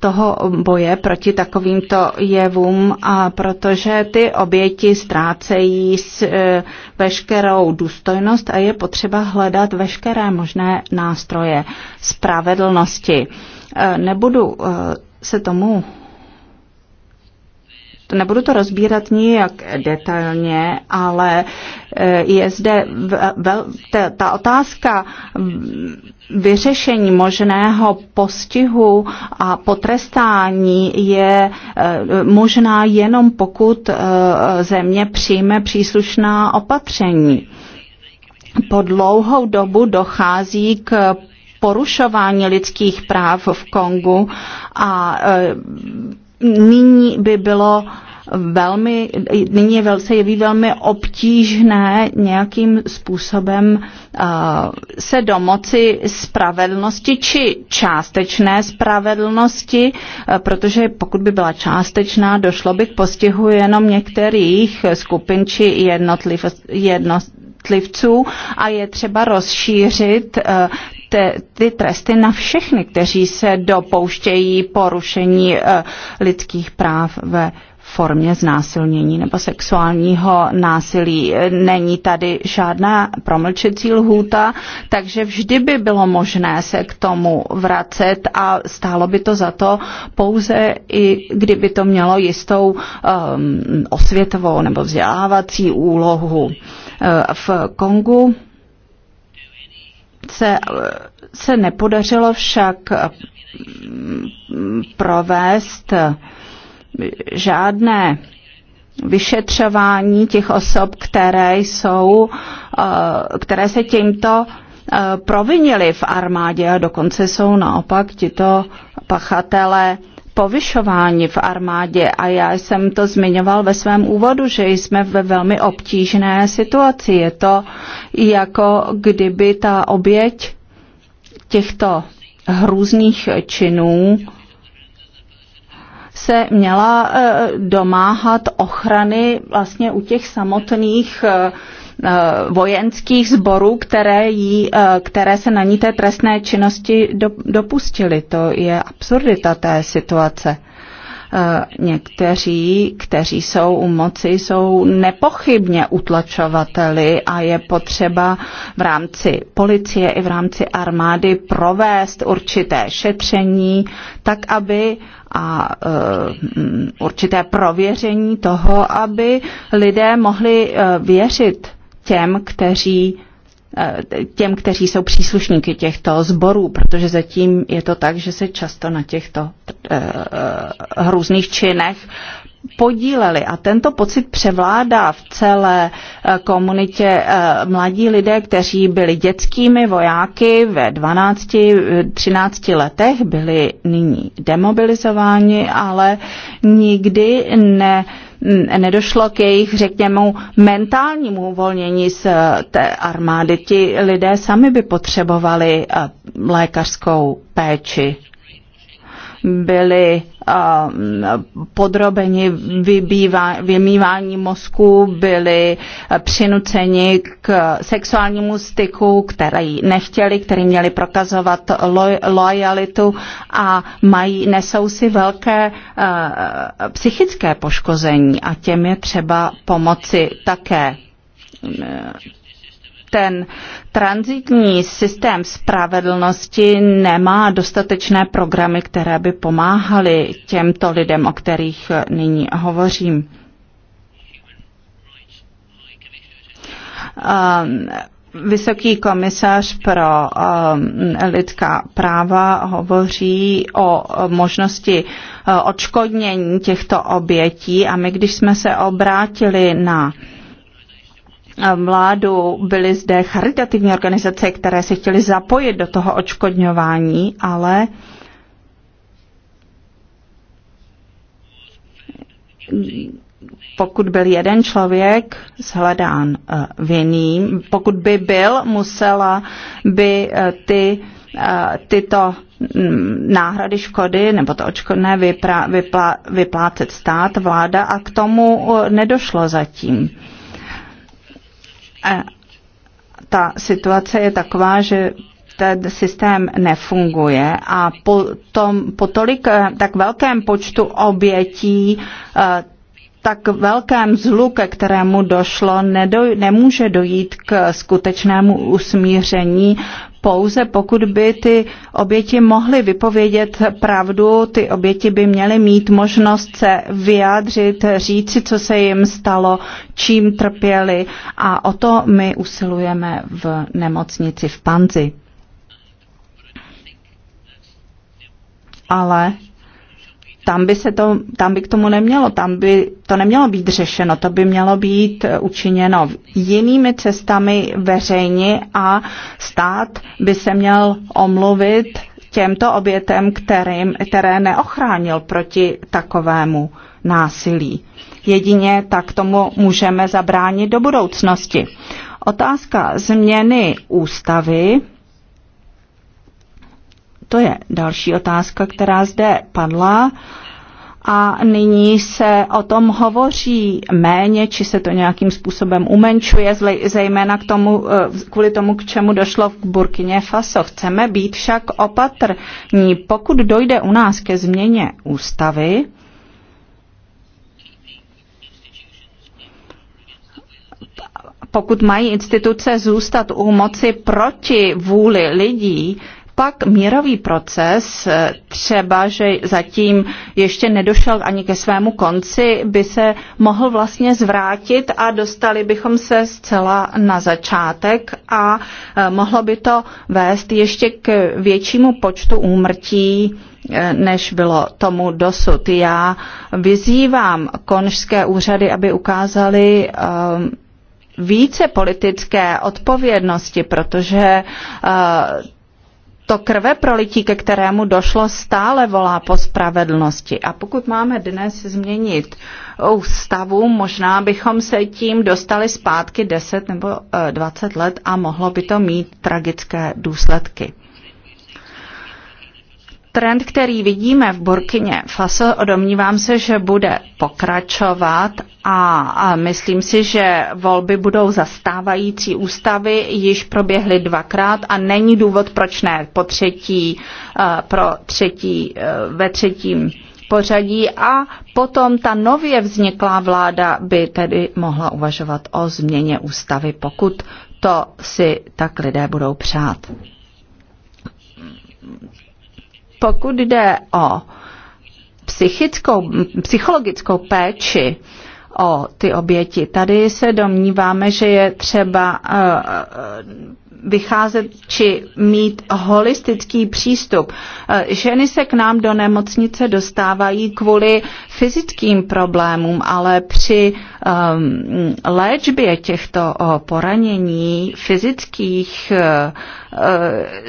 toho boje proti takovýmto jevům, a protože ty oběti ztrácejí s, eh, veškerou důstojnost a je potřeba hledat veškeré možné nástroje spravedlnosti. Eh, nebudu se tomu nebudu to rozbírat nijak detailně, ale e, je zde vel, ta, ta otázka vyřešení možného postihu a potrestání je e, možná jenom pokud e, země přijme příslušná opatření. Po dlouhou dobu dochází k porušování lidských práv v Kongu a nyní by bylo velmi, nyní se jeví velmi obtížné nějakým způsobem uh, se domoci spravedlnosti či částečné spravedlnosti, uh, protože pokud by byla částečná, došlo by k postihu jenom některých skupin či jednotlivost, jedno, jednotlivců a je třeba rozšířit eh, te, ty tresty na všechny, kteří se dopouštějí porušení eh, lidských práv ve formě znásilnění nebo sexuálního násilí. Není tady žádná promlčecí lhůta, takže vždy by bylo možné se k tomu vracet a stálo by to za to pouze i kdyby to mělo jistou um, osvětovou nebo vzdělávací úlohu. Eh, v Kongu se, eh, se nepodařilo však eh, provést žádné vyšetřování těch osob, které jsou, které se tímto provinili v armádě a dokonce jsou naopak tito pachatelé povyšováni v armádě a já jsem to zmiňoval ve svém úvodu, že jsme ve velmi obtížné situaci. Je to jako kdyby ta oběť těchto hrůzných činů se měla eh, domáhat ochrany vlastně u těch samotných eh, Eh, vojenských sborů, které, jí, eh, které se na ní té trestné činnosti dopustili. To je absurdita té situace eh, někteří, kteří jsou u moci, jsou nepochybně utlačovateli a je potřeba v rámci policie i v rámci armády provést určité šetření, tak aby a určité prověření toho, aby lidé mohli věřit těm, kteří eh, těm, kteří jsou příslušníky těchto sborů, protože zatím je to tak, že se často na těchto uh, eh, hrůzných eh, činech podíleli. A tento pocit převládá v celé komunitě mladí lidé, kteří byli dětskými vojáky ve 12-13 letech, byli nyní demobilizováni, ale nikdy ne nedošlo k jejich, řekněme, mentálnímu uvolnění z té armády. Ti lidé sami by potřebovali eh, lékařskou péči byli podrobeni vymývání mozku, byli přinuceni k sexuálnímu styku, který nechtěli, který měli prokazovat lojalitu a mají, nesou si velké psychické poškození a těm je třeba pomoci také ten transitní systém spravedlnosti nemá dostatečné programy, které by pomáhaly těmto lidem, o kterých nyní hovořím. Um, Vysoký komisař pro um, lidská práva hovoří o možnosti uh, odškodnění těchto obětí a my, když jsme se obrátili na vládu, byly zde charitativní organizace, které se chtěly zapojit do toho očkodňování, ale pokud byl jeden člověk shledán eh, vinným, pokud by byl, musela by eh, ty, eh, tyto mm, náhrady škody nebo to očkodné vyplá, vyplá, vyplácet stát, vláda a k tomu nedošlo zatím ta situace je taková, že ten systém nefunguje a po, tom, po tolik eh, tak velkém počtu obětí eh, tak velkém zlu, ke kterému došlo, nedoj, nemůže dojít k skutečnému usmíření, pouze pokud by ty oběti mohly vypovědět pravdu, ty oběti by měly mít možnost se vyjádřit, říci, co se jim stalo, čím trpěli a o to my usilujeme v nemocnici v Panzi. Ale tam by, se to, tam by k tomu nemělo, tam by to nemělo být řešeno, to by mělo být eh, učiněno jinými cestami veřejně a stát by se měl omluvit těmto obětem, kterým, které neochránil proti takovému násilí. Jedině tak tomu můžeme zabránit do budoucnosti. Otázka změny ústavy to je další otázka, která zde padla. A nyní se o tom hovoří méně, či se to nějakým způsobem umenšuje, zejména k tomu, eh, kvůli tomu, k čemu došlo v Burkině Faso. Chceme být však opatrní. Pokud dojde u nás ke změně ústavy, pokud mají instituce zůstat u moci proti vůli lidí, pak mírový proces, eh, třeba, že zatím ještě nedošel ani ke svému konci, by se mohl vlastně zvrátit a dostali bychom se zcela na začátek a eh, mohlo by to vést ještě k většímu počtu úmrtí eh, než bylo tomu dosud. Já vyzývám konžské úřady, aby ukázali více politické odpovědnosti, protože to krve prolití, ke kterému došlo, stále volá po spravedlnosti. A pokud máme dnes změnit ústavu, možná bychom se tím dostali zpátky 10 nebo 20 eh, let a mohlo by to mít tragické důsledky trend, který vidíme v Burkině Faso, domnívám se, že bude pokračovat a myslím si, že volby budou zastávající ústavy, již proběhly dvakrát a není důvod, proč ne po třetí, eh, pro třetí, eh, ve třetím pořadí a potom ta nově vzniklá vláda by tedy mohla uvažovat o změně ústavy, pokud to si tak lidé budou přát pokud jde o psychickou, psychologickou péči, o ty oběti. Tady se domníváme, že je třeba eh, eh, vycházet či mít holistický přístup. Eh, ženy se k nám do nemocnice dostávají kvůli fyzickým problémům, ale při uh, Ehm, léčbě těchto poranění fyzických e, e,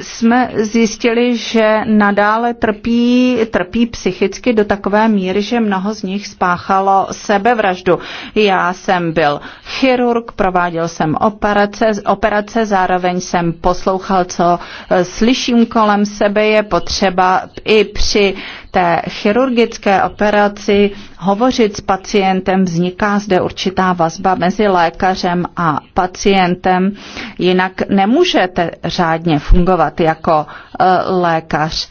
jsme zjistili, že nadále trpí, trpí psychicky do takové míry, že mnoho z nich spáchalo sebevraždu. Já jsem byl chirurg, prováděl jsem operace, operace zároveň jsem poslouchal, co e, slyším kolem sebe, je potřeba i při té chirurgické operaci hovořit s pacientem, vzniká zde určitá vazba mezi lékařem a pacientem, jinak nemůžete řádně fungovat jako e, lékař.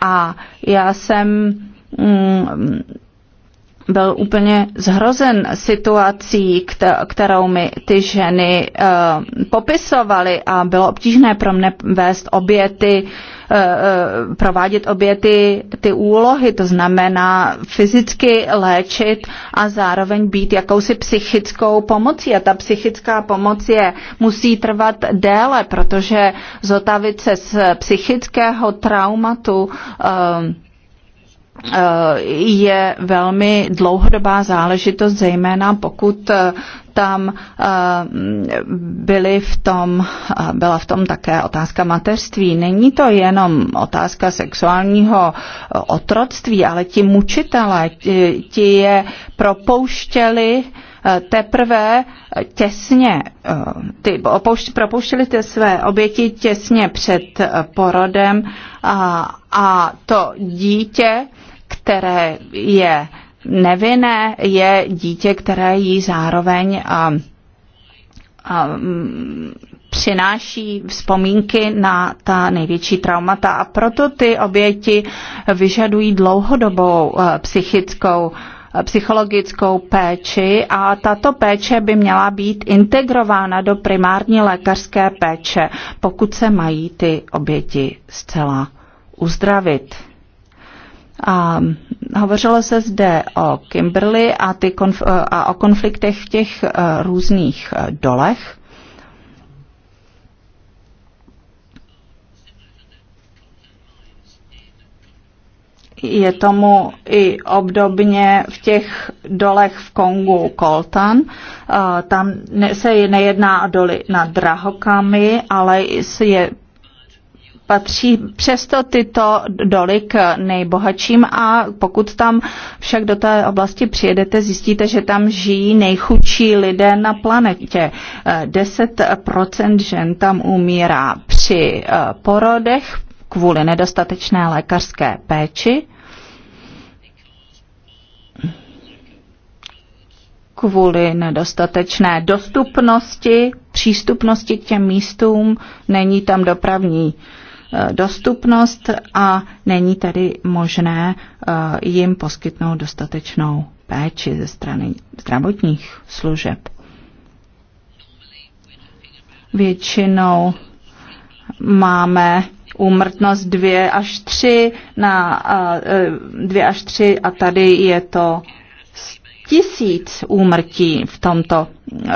A já jsem mm, byl úplně zhrozen situací, kterou mi ty ženy eh, popisovaly a bylo obtížné pro mě vést oběty, eh, eh, provádět oběty ty úlohy, to znamená fyzicky léčit a zároveň být jakousi psychickou pomocí. A ta psychická pomoc je, musí trvat déle, protože zotavit se z psychického traumatu je velmi dlouhodobá záležitost, zejména pokud eh, tam eh, byly v tom, eh, byla v tom také otázka mateřství. Není to jenom otázka sexuálního otroctví, ale ti mučitelé, ti, je propouštěli teprve těsně, ty propouštěli ty své oběti těsně před porodem a, a to dítě které je nevinné, je dítě, které jí zároveň a, a, mm, přináší vzpomínky na ta největší traumata a proto ty oběti vyžadují dlouhodobou e, psychickou e, psychologickou péči a tato péče by měla být integrována do primární lékařské péče, pokud se mají ty oběti zcela uzdravit. A hovořilo se zde o Kimberly a, ty konf- eh, a o konfliktech v těch eh, různých eh, dolech. Je tomu i obdobně v těch dolech v Kongu Koltan. Tam se nejedná o doly na drahokami, ale je patří přesto tyto doly k nejbohatším a pokud tam však do té oblasti přijedete, zjistíte, že tam žijí nejchudší lidé na planetě. 10% žen tam umírá při eh, porodech kvůli nedostatečné lékařské péči. kvůli nedostatečné dostupnosti, přístupnosti k těm místům, není tam dopravní uh, Eh, dostupnost a není tedy možné eh, jim poskytnout dostatečnou péči ze strany zdravotních služeb. Většinou máme úmrtnost 2 až 3 na 2 eh, až 3 a tady je to tisíc úmrtí v tomto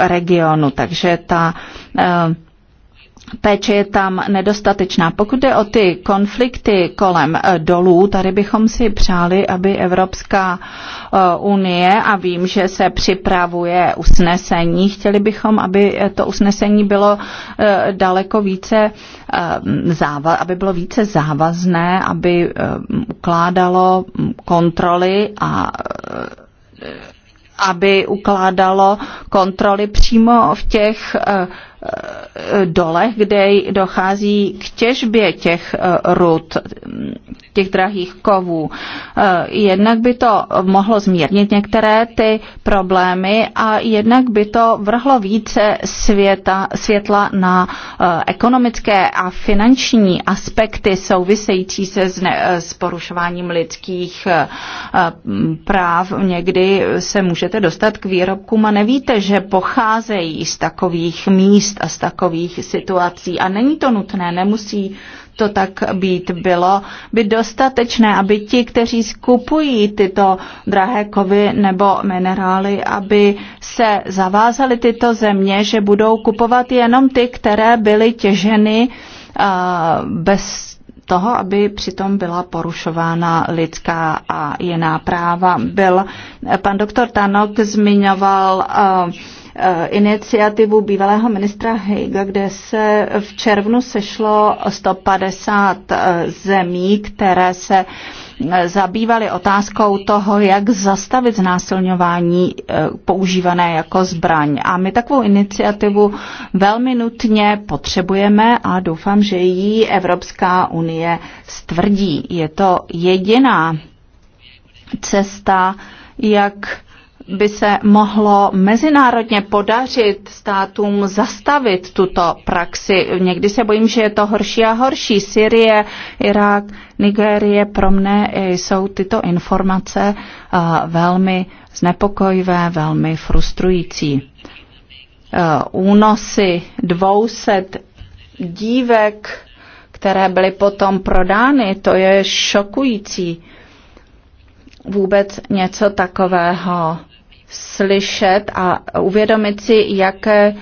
regionu, takže ta péče je tam nedostatečná. Pokud je o ty konflikty kolem eh, dolů, tady bychom si přáli, aby Evropská eh, unie, a vím, že se připravuje usnesení, chtěli bychom, aby eh, to usnesení bylo daleko více aby bylo více závazné, aby ukládalo kontroly a aby ukládalo kontroly přímo v těch uh, dolech, kde dochází k těžbě těch eh, rud, těch drahých kovů. Eh, jednak by to mohlo zmírnit některé ty problémy a jednak by to vrhlo více světa, světla na eh, ekonomické a finanční aspekty související se s, ne, s porušováním lidských práv. Někdy se můžete dostat k výrobkům a nevíte, že pocházejí z takových míst, a z takových situací. A není to nutné, nemusí to tak být. Bylo by dostatečné, aby ti, kteří skupují tyto drahé kovy nebo minerály, aby se zavázali tyto země, že budou kupovat jenom ty, které byly těženy bez toho, aby přitom byla porušována lidská a jiná práva. Byl pan doktor Tanok zmiňoval uh, Eh, iniciativu bývalého ministra Heiga, kde se v červnu sešlo 150 eh, zemí, které se eh, zabývali otázkou toho, jak zastavit znásilňování používané jako zbraň. A my takovou iniciativu velmi nutně potřebujeme a doufám, že ji Evropská unie stvrdí. Je to jediná cesta, jak by se mohlo mezinárodně podařit státům zastavit tuto praxi. Někdy se bojím, že je to horší a horší. Syrie, Irák, Nigérie, pro mne jsou tyto informace velmi znepokojivé, velmi frustrující. Únosy 200 dívek, které byly potom prodány, to je šokující vůbec něco takového slyšet a uvědomit si, jaké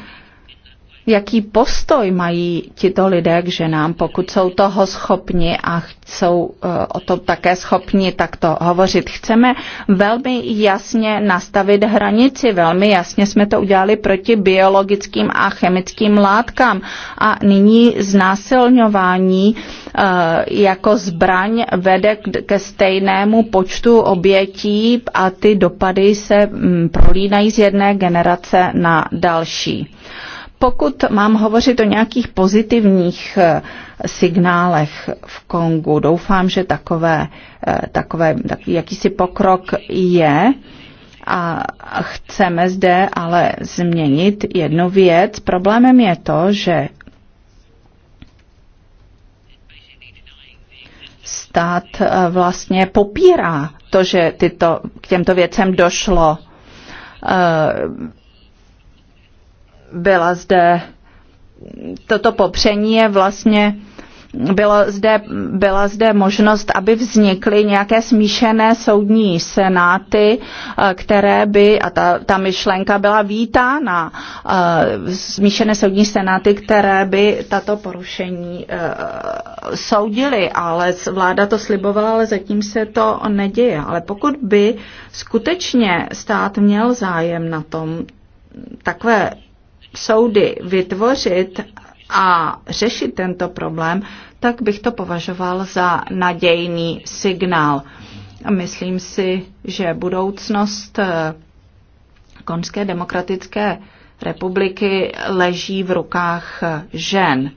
jaký postoj mají tito lidé k ženám, pokud jsou toho schopni a jsou eh, o tom také schopni takto hovořit. Chceme velmi jasně nastavit hranici, velmi jasně jsme to udělali proti biologickým a chemickým látkám a nyní znásilňování eh, jako zbraň vede ke stejnému počtu obětí a ty dopady se mm, prolínají z jedné generace na další. Pokud mám hovořit o nějakých pozitivních eh, signálech v Kongu, doufám, že takové, eh, takové takový jakýsi pokrok je a chceme zde ale změnit jednu věc. Problémem je to, že stát eh, vlastně popírá to, že tyto, k těmto věcem došlo byla zde toto popření je vlastně bylo zde, byla zde možnost, aby vznikly nějaké smíšené soudní senáty, eh, které by, a ta, ta myšlenka byla vítána, eh, smíšené soudní senáty, které by tato porušení eh, soudily, ale vláda to slibovala, ale zatím se to neděje. Ale pokud by skutečně stát měl zájem na tom, takové soudy vytvořit a řešit tento problém, tak bych to považoval za nadějný signál. Myslím si, že budoucnost eh, Konské demokratické republiky leží v rukách eh, žen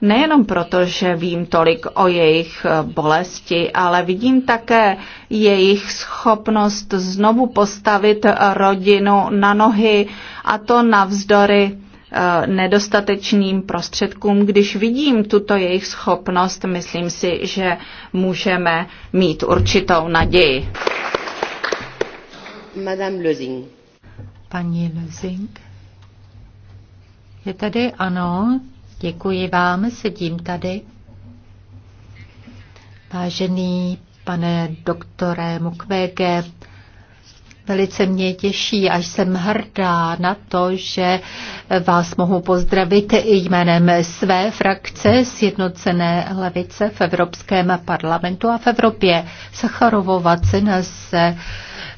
nejenom proto, že vím tolik o jejich eh, bolesti, ale vidím také jejich schopnost znovu postavit eh, rodinu na nohy a to navzdory eh, nedostatečným prostředkům. Když vidím tuto jejich schopnost, myslím si, že můžeme mít určitou naději. Madame Lezing. Paní Lezing. Je tady ano, Děkuji vám, sedím tady. Vážený pane doktore Mukwege, Velice mě těší až jsem hrdá na to, že vás mohu pozdravit i jménem své frakce Sjednocené levice v Evropském parlamentu a v Evropě. Sacharovova cena se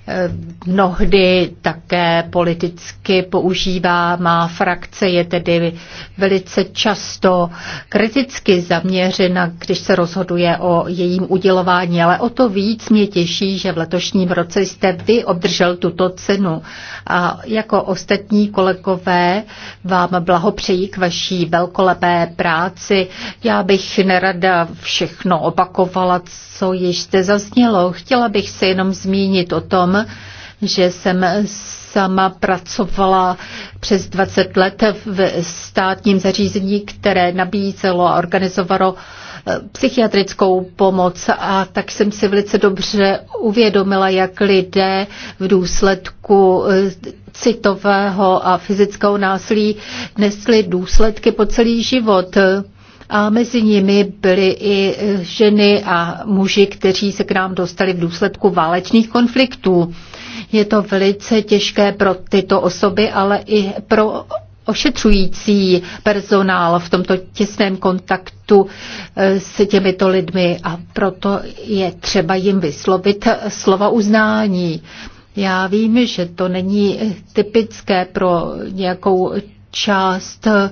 Eh, mnohdy také politicky používá. Má frakce je tedy velice často kriticky zaměřena, když se rozhoduje o jejím udělování, ale o to víc mě těší, že v letošním roce jste vy obdržel tuto cenu. A jako ostatní kolegové vám blahopřeji k vaší velkolepé práci. Já bych nerada všechno opakovala, co již jste zaznělo. Chtěla bych se jenom zmínit o tom, že jsem sama pracovala přes 20 let v státním zařízení, které nabízelo a organizovalo eh, psychiatrickou pomoc a tak jsem si velice dobře uvědomila, jak lidé v důsledku eh, citového a fyzického násilí nesli důsledky po celý život a mezi nimi byly i e, ženy a muži, kteří se k nám dostali v důsledku válečných konfliktů. Je to velice těžké pro tyto osoby, ale i pro ošetřující personál v tomto těsném kontaktu e, s těmito lidmi a proto je třeba jim vyslovit slova uznání. Já vím, že to není typické pro nějakou část eh,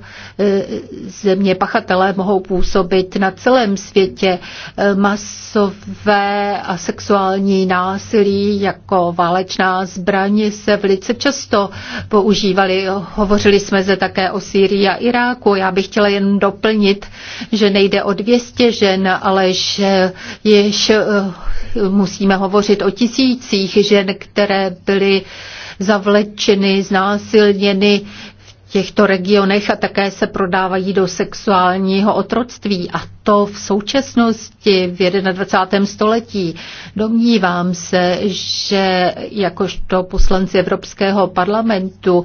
země pachatelé mohou působit na celém světě. Eh, masové a sexuální násilí jako válečná zbraň se velice často používaly. Hovořili jsme se také o Sýrii a Iráku. Já bych chtěla jen doplnit, že nejde o 200 žen, ale že již eh, musíme hovořit o tisících žen, které byly zavlečeny, znásilněny, těchto regionech a také se prodávají do sexuálního otroctví a to v současnosti v 21. století. Domnívám se, že jakožto poslanci Evropského parlamentu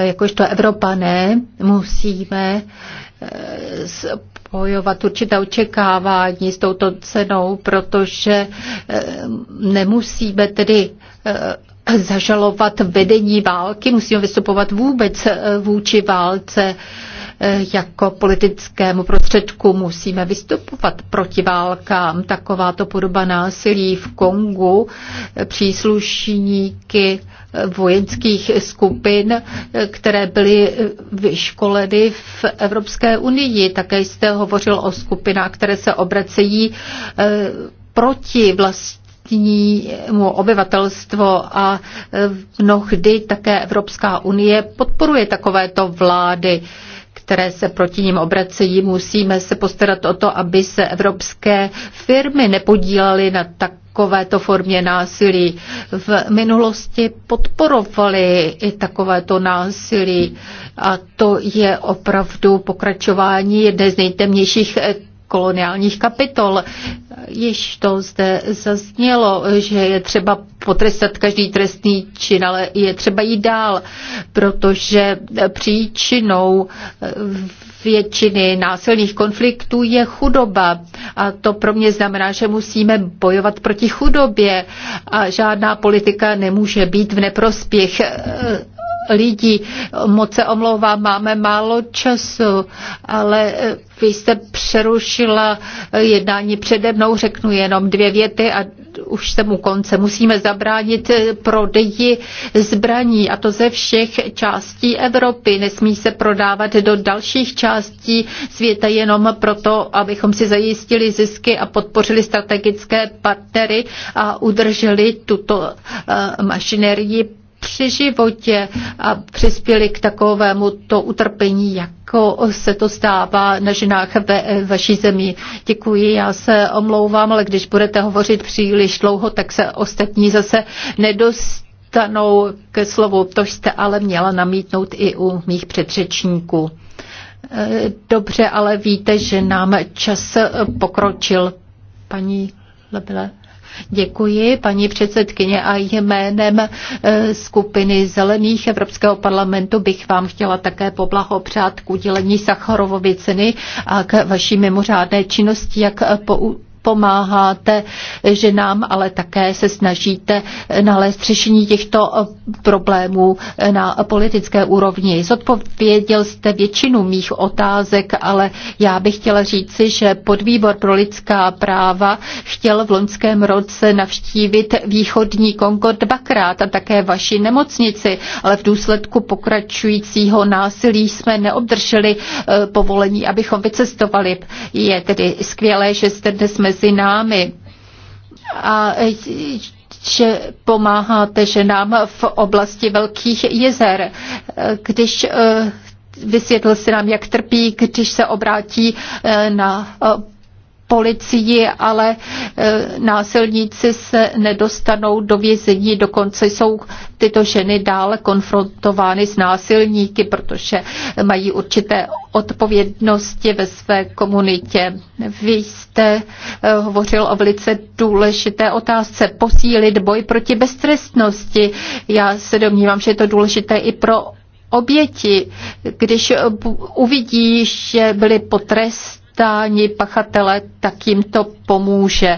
jakožto Evropané musíme eh, spojovat určité očekávání s touto cenou, protože eh, nemusíme tedy eh, zažalovat vedení války, musíme vystupovat vůbec eh, vůči válce eh, jako politickému prostředku musíme vystupovat proti válkám. Takováto podoba násilí v Kongu, eh, příslušníky vojenských skupin, které byly vyškoleny v Evropské unii. Také jste hovořil o skupinách, které se obracejí proti vlastní místnímu obyvatelstvo a e, mnohdy také Evropská unie podporuje takovéto vlády které se proti ním obracejí. Musíme se postarat o to, aby se evropské firmy nepodílely na takovéto formě násilí. V minulosti podporovali i takovéto násilí a to je opravdu pokračování jedné z nejtemnějších koloniálních kapitol. Již to zde zaznělo, že je třeba potrestat každý trestný čin, ale je třeba jít dál, protože příčinou většiny násilných konfliktů je chudoba. A to pro mě znamená, že musíme bojovat proti chudobě a žádná politika nemůže být v neprospěch lidí. Moc se omlouvám, máme málo času, ale vy jste přerušila jednání přede mnou, řeknu jenom dvě věty a už jsem u konce. Musíme zabránit prodeji zbraní a to ze všech částí Evropy. Nesmí se prodávat do dalších částí světa jenom proto, abychom si zajistili zisky a podpořili strategické partnery a udrželi tuto eh, mašinerii při životě a přispěli k takovému to utrpení, jako se to stává na ženách ve vaší zemi. Děkuji, já se omlouvám, ale když budete hovořit příliš dlouho, tak se ostatní zase nedostanou ke slovu. To jste ale měla namítnout i u mých předřečníků. Dobře, ale víte, že nám čas pokročil. Paní Lebele. Děkuji paní předsedkyně a jménem eh, skupiny Zelených Evropského parlamentu bych vám chtěla také poblahopřát k udělení Sacharovovy ceny a k vaší mimořádné činnosti, jak eh, pou pomáháte ženám, ale také se snažíte nalézt řešení těchto problémů na politické úrovni. Zodpověděl jste většinu mých otázek, ale já bych chtěla říci, že podvýbor pro lidská práva chtěl v loňském roce navštívit východní Kongo dvakrát a také vaši nemocnici, ale v důsledku pokračujícího násilí jsme neobdrželi eh, povolení, abychom vycestovali. Je tedy skvělé, že jste dnes mezi mezi námi a že pomáháte ženám v oblasti velkých jezer. Když eh, vysvětlil si nám, jak trpí, když se obrátí eh, na eh, policii, ale eh, násilníci se nedostanou do vězení, dokonce jsou tyto ženy dále konfrontovány s násilníky, protože mají určité odpovědnosti ve své komunitě. Vy jste eh, hovořil o velice důležité otázce posílit boj proti beztrestnosti. Já se domnívám, že je to důležité i pro oběti, když uvidí, že byly potrest potání pachatele, tak jim to pomůže.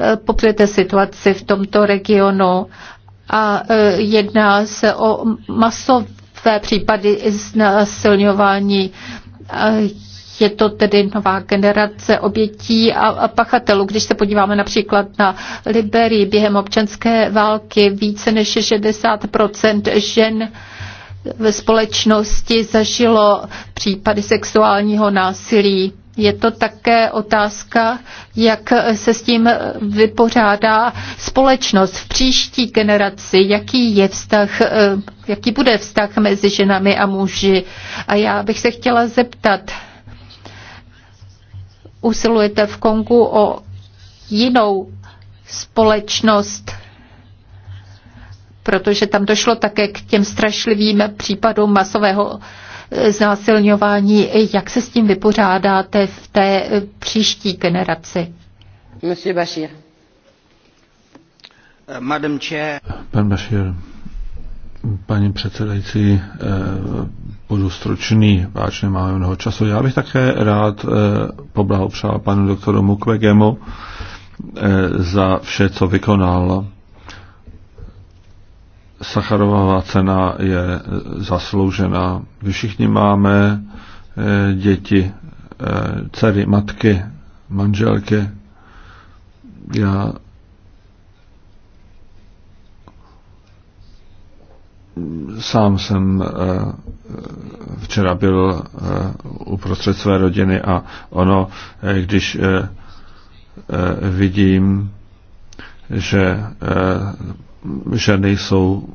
E, popřete situaci v tomto regionu a e, jedná se o masové případy znásilňování. E, je to tedy nová generace obětí a pachatelů. Když se podíváme například na Liberii během občanské války, více než 60 žen ve společnosti zažilo případy sexuálního násilí. Je to také otázka, jak se s tím vypořádá společnost v příští generaci, jaký je vztah, eh, jaký bude vztah mezi ženami a muži. A já bych se chtěla zeptat, usilujete v Kongu o jinou společnost, protože tam došlo také k těm strašlivým případům masového znásilňování. Jak se s tím vypořádáte v té eh, příští generaci? Monsieur Bashir. Eh, Madam Chair. Pan Bashir. Paní předsedající, eh, budu stručný, váč nemáme mnoho času. Já bych také rád poblahopřál panu doktoru Mukwegemu za vše, co vykonal. Sacharová cena je zasloužená. My všichni máme eh, děti, eh, dcery, matky, manželky. Já sám jsem eh, včera byl uprostřed své rodiny a ono, když vidím, že ženy jsou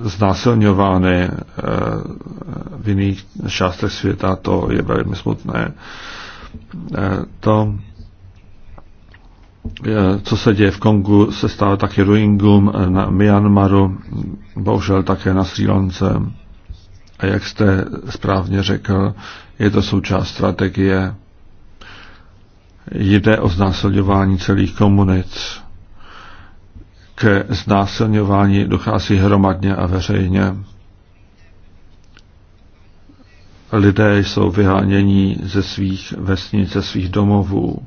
znásilňovány eh, v jiných částech světa, to je velmi smutné. Eh, to, eh, co se děje v Kongu, se stává také ruingum na Myanmaru, bohužel také na Sri Lance. A jak jste správně řekl, je to součást strategie. Jde o znásilňování celých komunit ke znásilňování dochází hromadně a veřejně. Lidé jsou vyháněni ze svých vesnic, ze svých domovů.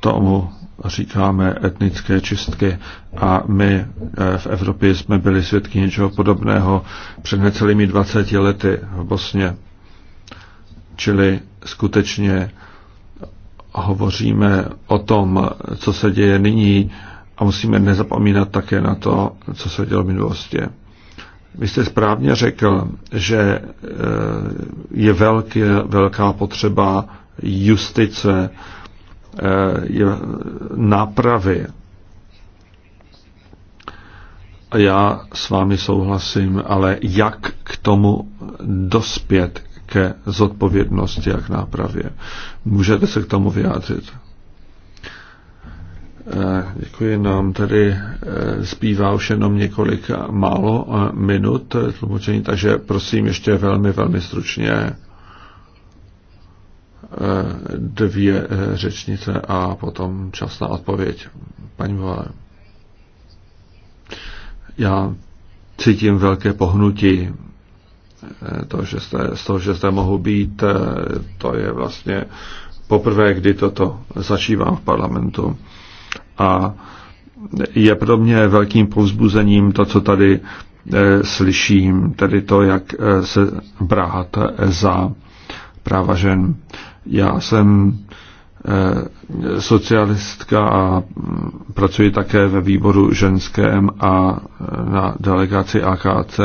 Tomu říkáme etnické čistky a my eh, v Evropě jsme byli svědky něčeho podobného před necelými 20 lety v Bosně. Čili skutečně hovoříme o tom, co se děje nyní, a musíme nezapomínat také na to, co se dělo v minulosti. Vy jste správně řekl, že eh, je velký, velká potřeba justice, eh, je nápravy. A já s vámi souhlasím, ale jak k tomu dospět ke zodpovědnosti a k nápravě? Můžete se k tomu vyjádřit? Eh, děkuji. Nám tady eh, zbývá už jenom několik málo eh, minut tlumočení, takže prosím ještě velmi, velmi stručně dvě řečnice a potom čas na odpověď. Paní Vole. Já cítím velké pohnutí to, že jste, z toho, že zde mohu být, to je vlastně poprvé, kdy toto začívám v parlamentu a je pro mě velkým povzbuzením to, co tady eh, slyším, tedy to, jak eh, se brát eh, za práva žen. Já jsem socialistka a mm, pracuji také ve výboru ženském a na delegaci AKC.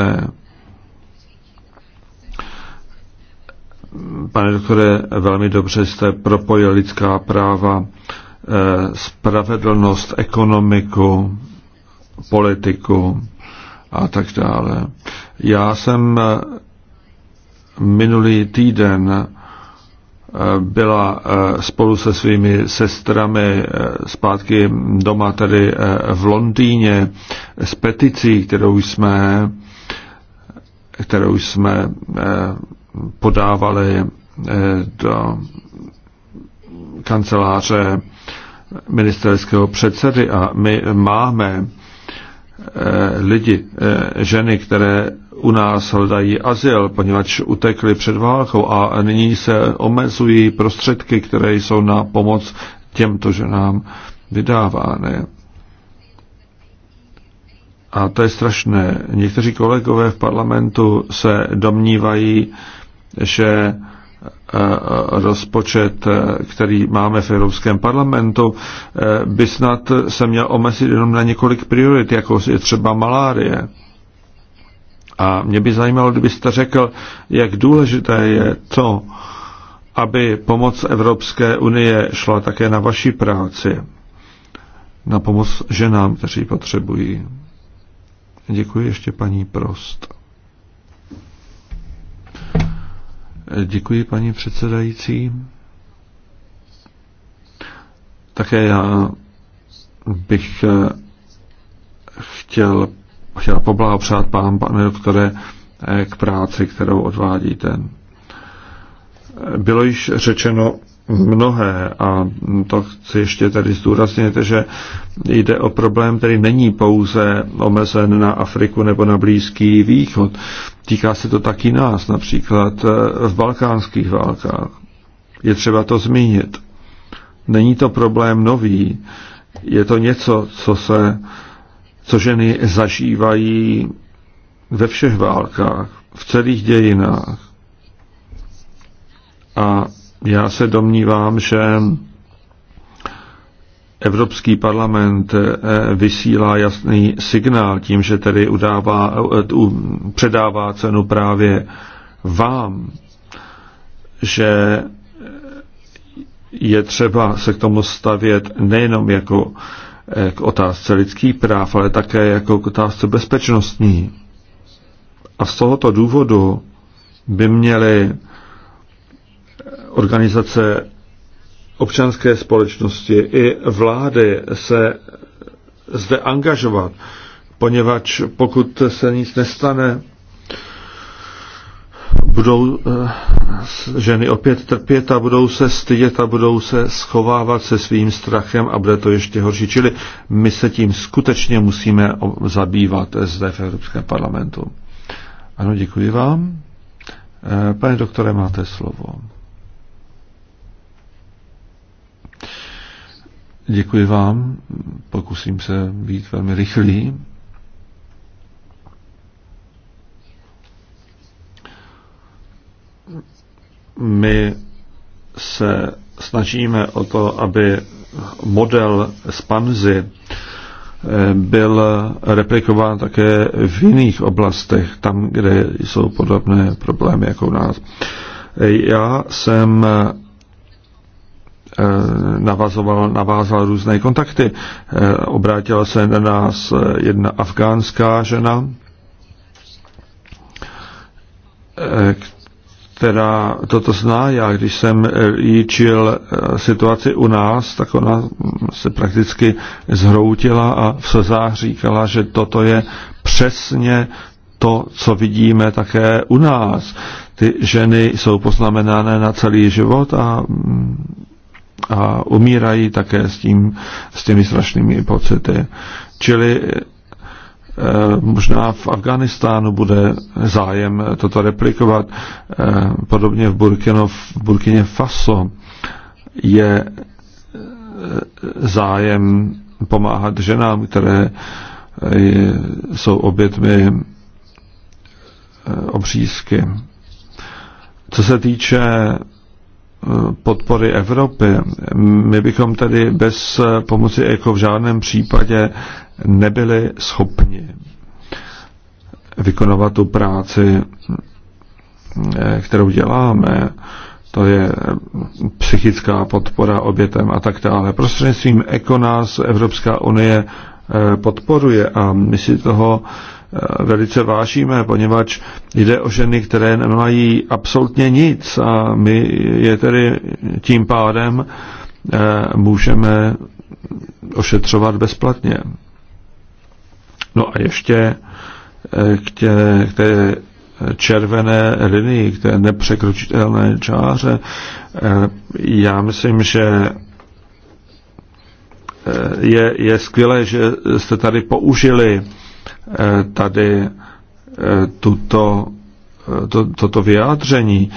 Pane doktore, velmi dobře jste propojil lidská práva Eh, spravedlnost, ekonomiku, politiku a tak dále. Já jsem eh, minulý týden eh, byla spolu se svými sestrami zpátky doma tady v Londýně s peticí, kterou jsme, kterou jsme podávali do kanceláře ministerského předsedy a my máme eh, lidi, eh, ženy, které u nás hledají azyl, poněvadž utekly před válkou a nyní se omezují prostředky, které jsou na pomoc těmto ženám vydávány. A to je strašné. Někteří kolegové v parlamentu se domnívají, že rozpočet, který máme v Evropském parlamentu, by snad se měl omezit jenom na několik priorit, jako je třeba malárie. A mě by zajímalo, kdybyste řekl, jak důležité je to, aby pomoc Evropské unie šla také na vaší práci, na pomoc ženám, kteří potřebují. Děkuji ještě paní Prost. Děkuji, paní předsedající. Také já bych eh, chtěl, chtěl poblahopřát pán, pane doktore, eh, k práci, kterou odvádíte. Bylo již řečeno, mnohé a to chci ještě tady zdůraznit, že jde o problém, který není pouze omezen na Afriku nebo na Blízký východ. Týká se to taky nás, například eh, v balkánských válkách. Je třeba to zmínit. Není to problém nový, je to něco, co se, co ženy zažívají ve všech válkách, v celých dějinách. A já se domnívám, že Evropský parlament eh, vysílá jasný signál tím, že tedy udává, eh, předává cenu právě vám, že je třeba se k tomu stavět nejenom jako eh, k otázce lidských práv, ale také jako k otázce bezpečnostní. A z tohoto důvodu by měly organizace občanské společnosti i vlády se zde angažovat, poněvadž pokud se nic nestane, budou eh, ženy opět trpět a budou se stydět a budou se schovávat se svým strachem a bude to ještě horší. Čili my se tím skutečně musíme zabývat zde v Evropském parlamentu. Ano, děkuji vám. Eh, pane doktore, máte slovo. Děkuji vám. Pokusím se být velmi rychlý. My se snažíme o to, aby model Spanzy eh, byl replikován také v jiných oblastech, tam, kde jsou podobné problémy jako u nás. Já jsem Eh, navazoval, navázal různé kontakty. Eh, obrátila se na nás jedna afgánská žena, eh, která toto zná. Já, když jsem čil situaci u nás, tak ona se prakticky zhroutila a v slzách říkala, že toto je přesně to, co vidíme také u nás. Ty ženy jsou poznamenané na celý život a mm, a umírají také s, tím, s těmi strašnými pocity. Čili eh, možná v Afganistánu bude zájem toto replikovat, eh, podobně v, Burkino, v Burkině Faso je eh, zájem pomáhat ženám, které jsou obětmi obřízky. Co se týče podpory Evropy. My bychom tedy bez pomoci ECO v žádném případě nebyli schopni vykonovat tu práci, kterou děláme. To je psychická podpora obětem a tak dále. Prostřednictvím ECO nás Evropská unie podporuje a my si toho Eh, velice vážíme, poněvadž jde o ženy, které nemají absolutně nic a my je tedy tím pádem eh, můžeme ošetřovat bezplatně. No a ještě eh, k té, k té červené linii, k té nepřekročitelné čáře. Já myslím, že je, je skvělé, že jste tady použili Eh, tady eh, tuto, eh, to, toto vyjádření.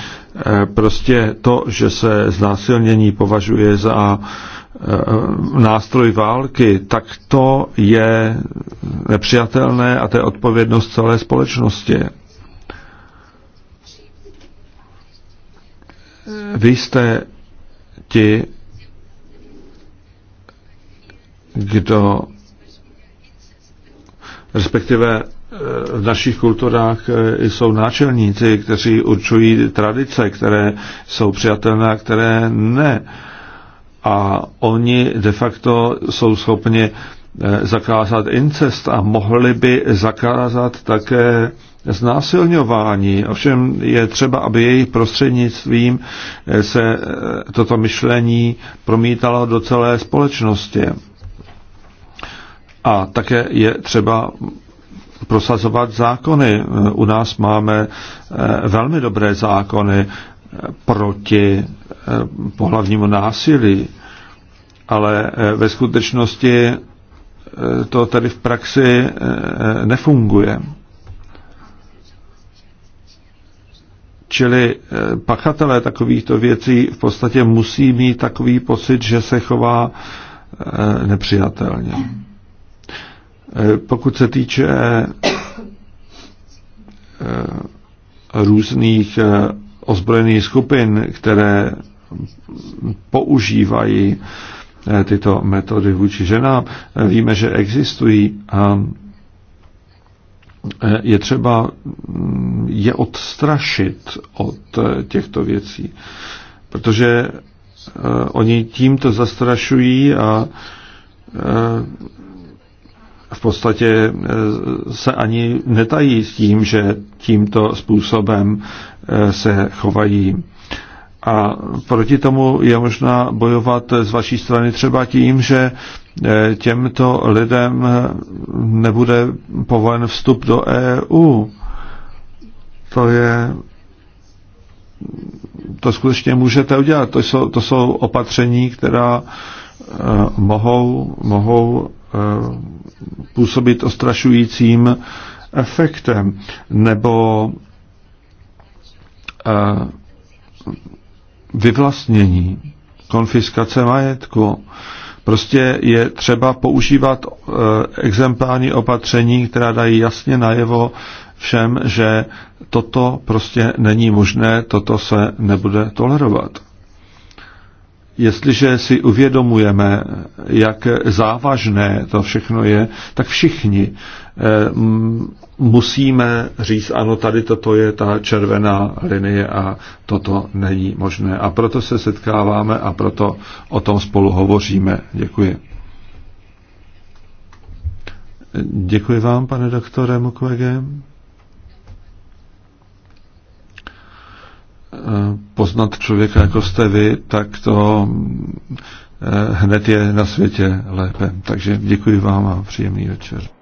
Prostě to, že se znásilnění považuje za nástroj války, tak to je nepřijatelné a to je odpovědnost celé společnosti. Vy jste ti, kdo respektive eh, v našich kulturách eh, jsou náčelníci, kteří určují tradice, které jsou přijatelné a které ne. A oni de facto jsou schopni eh, zakázat incest a mohli by zakázat také znásilňování. Ovšem je třeba, aby jejich prostřednictvím se toto myšlení promítalo do celé společnosti. A také je třeba prosazovat zákony. U nás máme eh, velmi dobré zákony eh, proti eh, pohlavnímu násilí, ale ve skutečnosti to tady v praxi nefunguje. Čili pachatelé takovýchto věcí v podstatě musí mít takový pocit, že se chová nepřijatelně. Eh, pokud se týče eh, různých eh, ozbrojených skupin, které používají tyto metody vůči ženám. Víme, že existují a je třeba mm, je odstrašit od těchto věcí, protože oni tímto zastrašují a v podstatě eh, se ani netají s tím, že tímto způsobem eh, se chovají. A proti tomu je možná bojovat z vaší strany třeba tím, že eh, těmto lidem nebude povolen vstup do EU. To je to skutečně můžete udělat. To jsou, to jsou opatření, která mohou, mohou Eh, působit ostrašujícím efektem, nebo eh, vyvlastnění, konfiskace majetku. Prostě je třeba používat eh, exemplární opatření, která dají jasně najevo všem, že toto prostě není možné, toto se nebude tolerovat. Jestliže si uvědomujeme, jak závažné to všechno je, tak všichni eh, musíme říct, ano, tady toto je ta červená linie a toto není možné. A proto se setkáváme a proto o tom spolu hovoříme. Děkuji. Děkuji vám, pane doktore Mukwege. Eh, poznat člověka, jako jste vy, tak to eh, hned je na světě lépe. Takže děkuji vám a příjemný večer.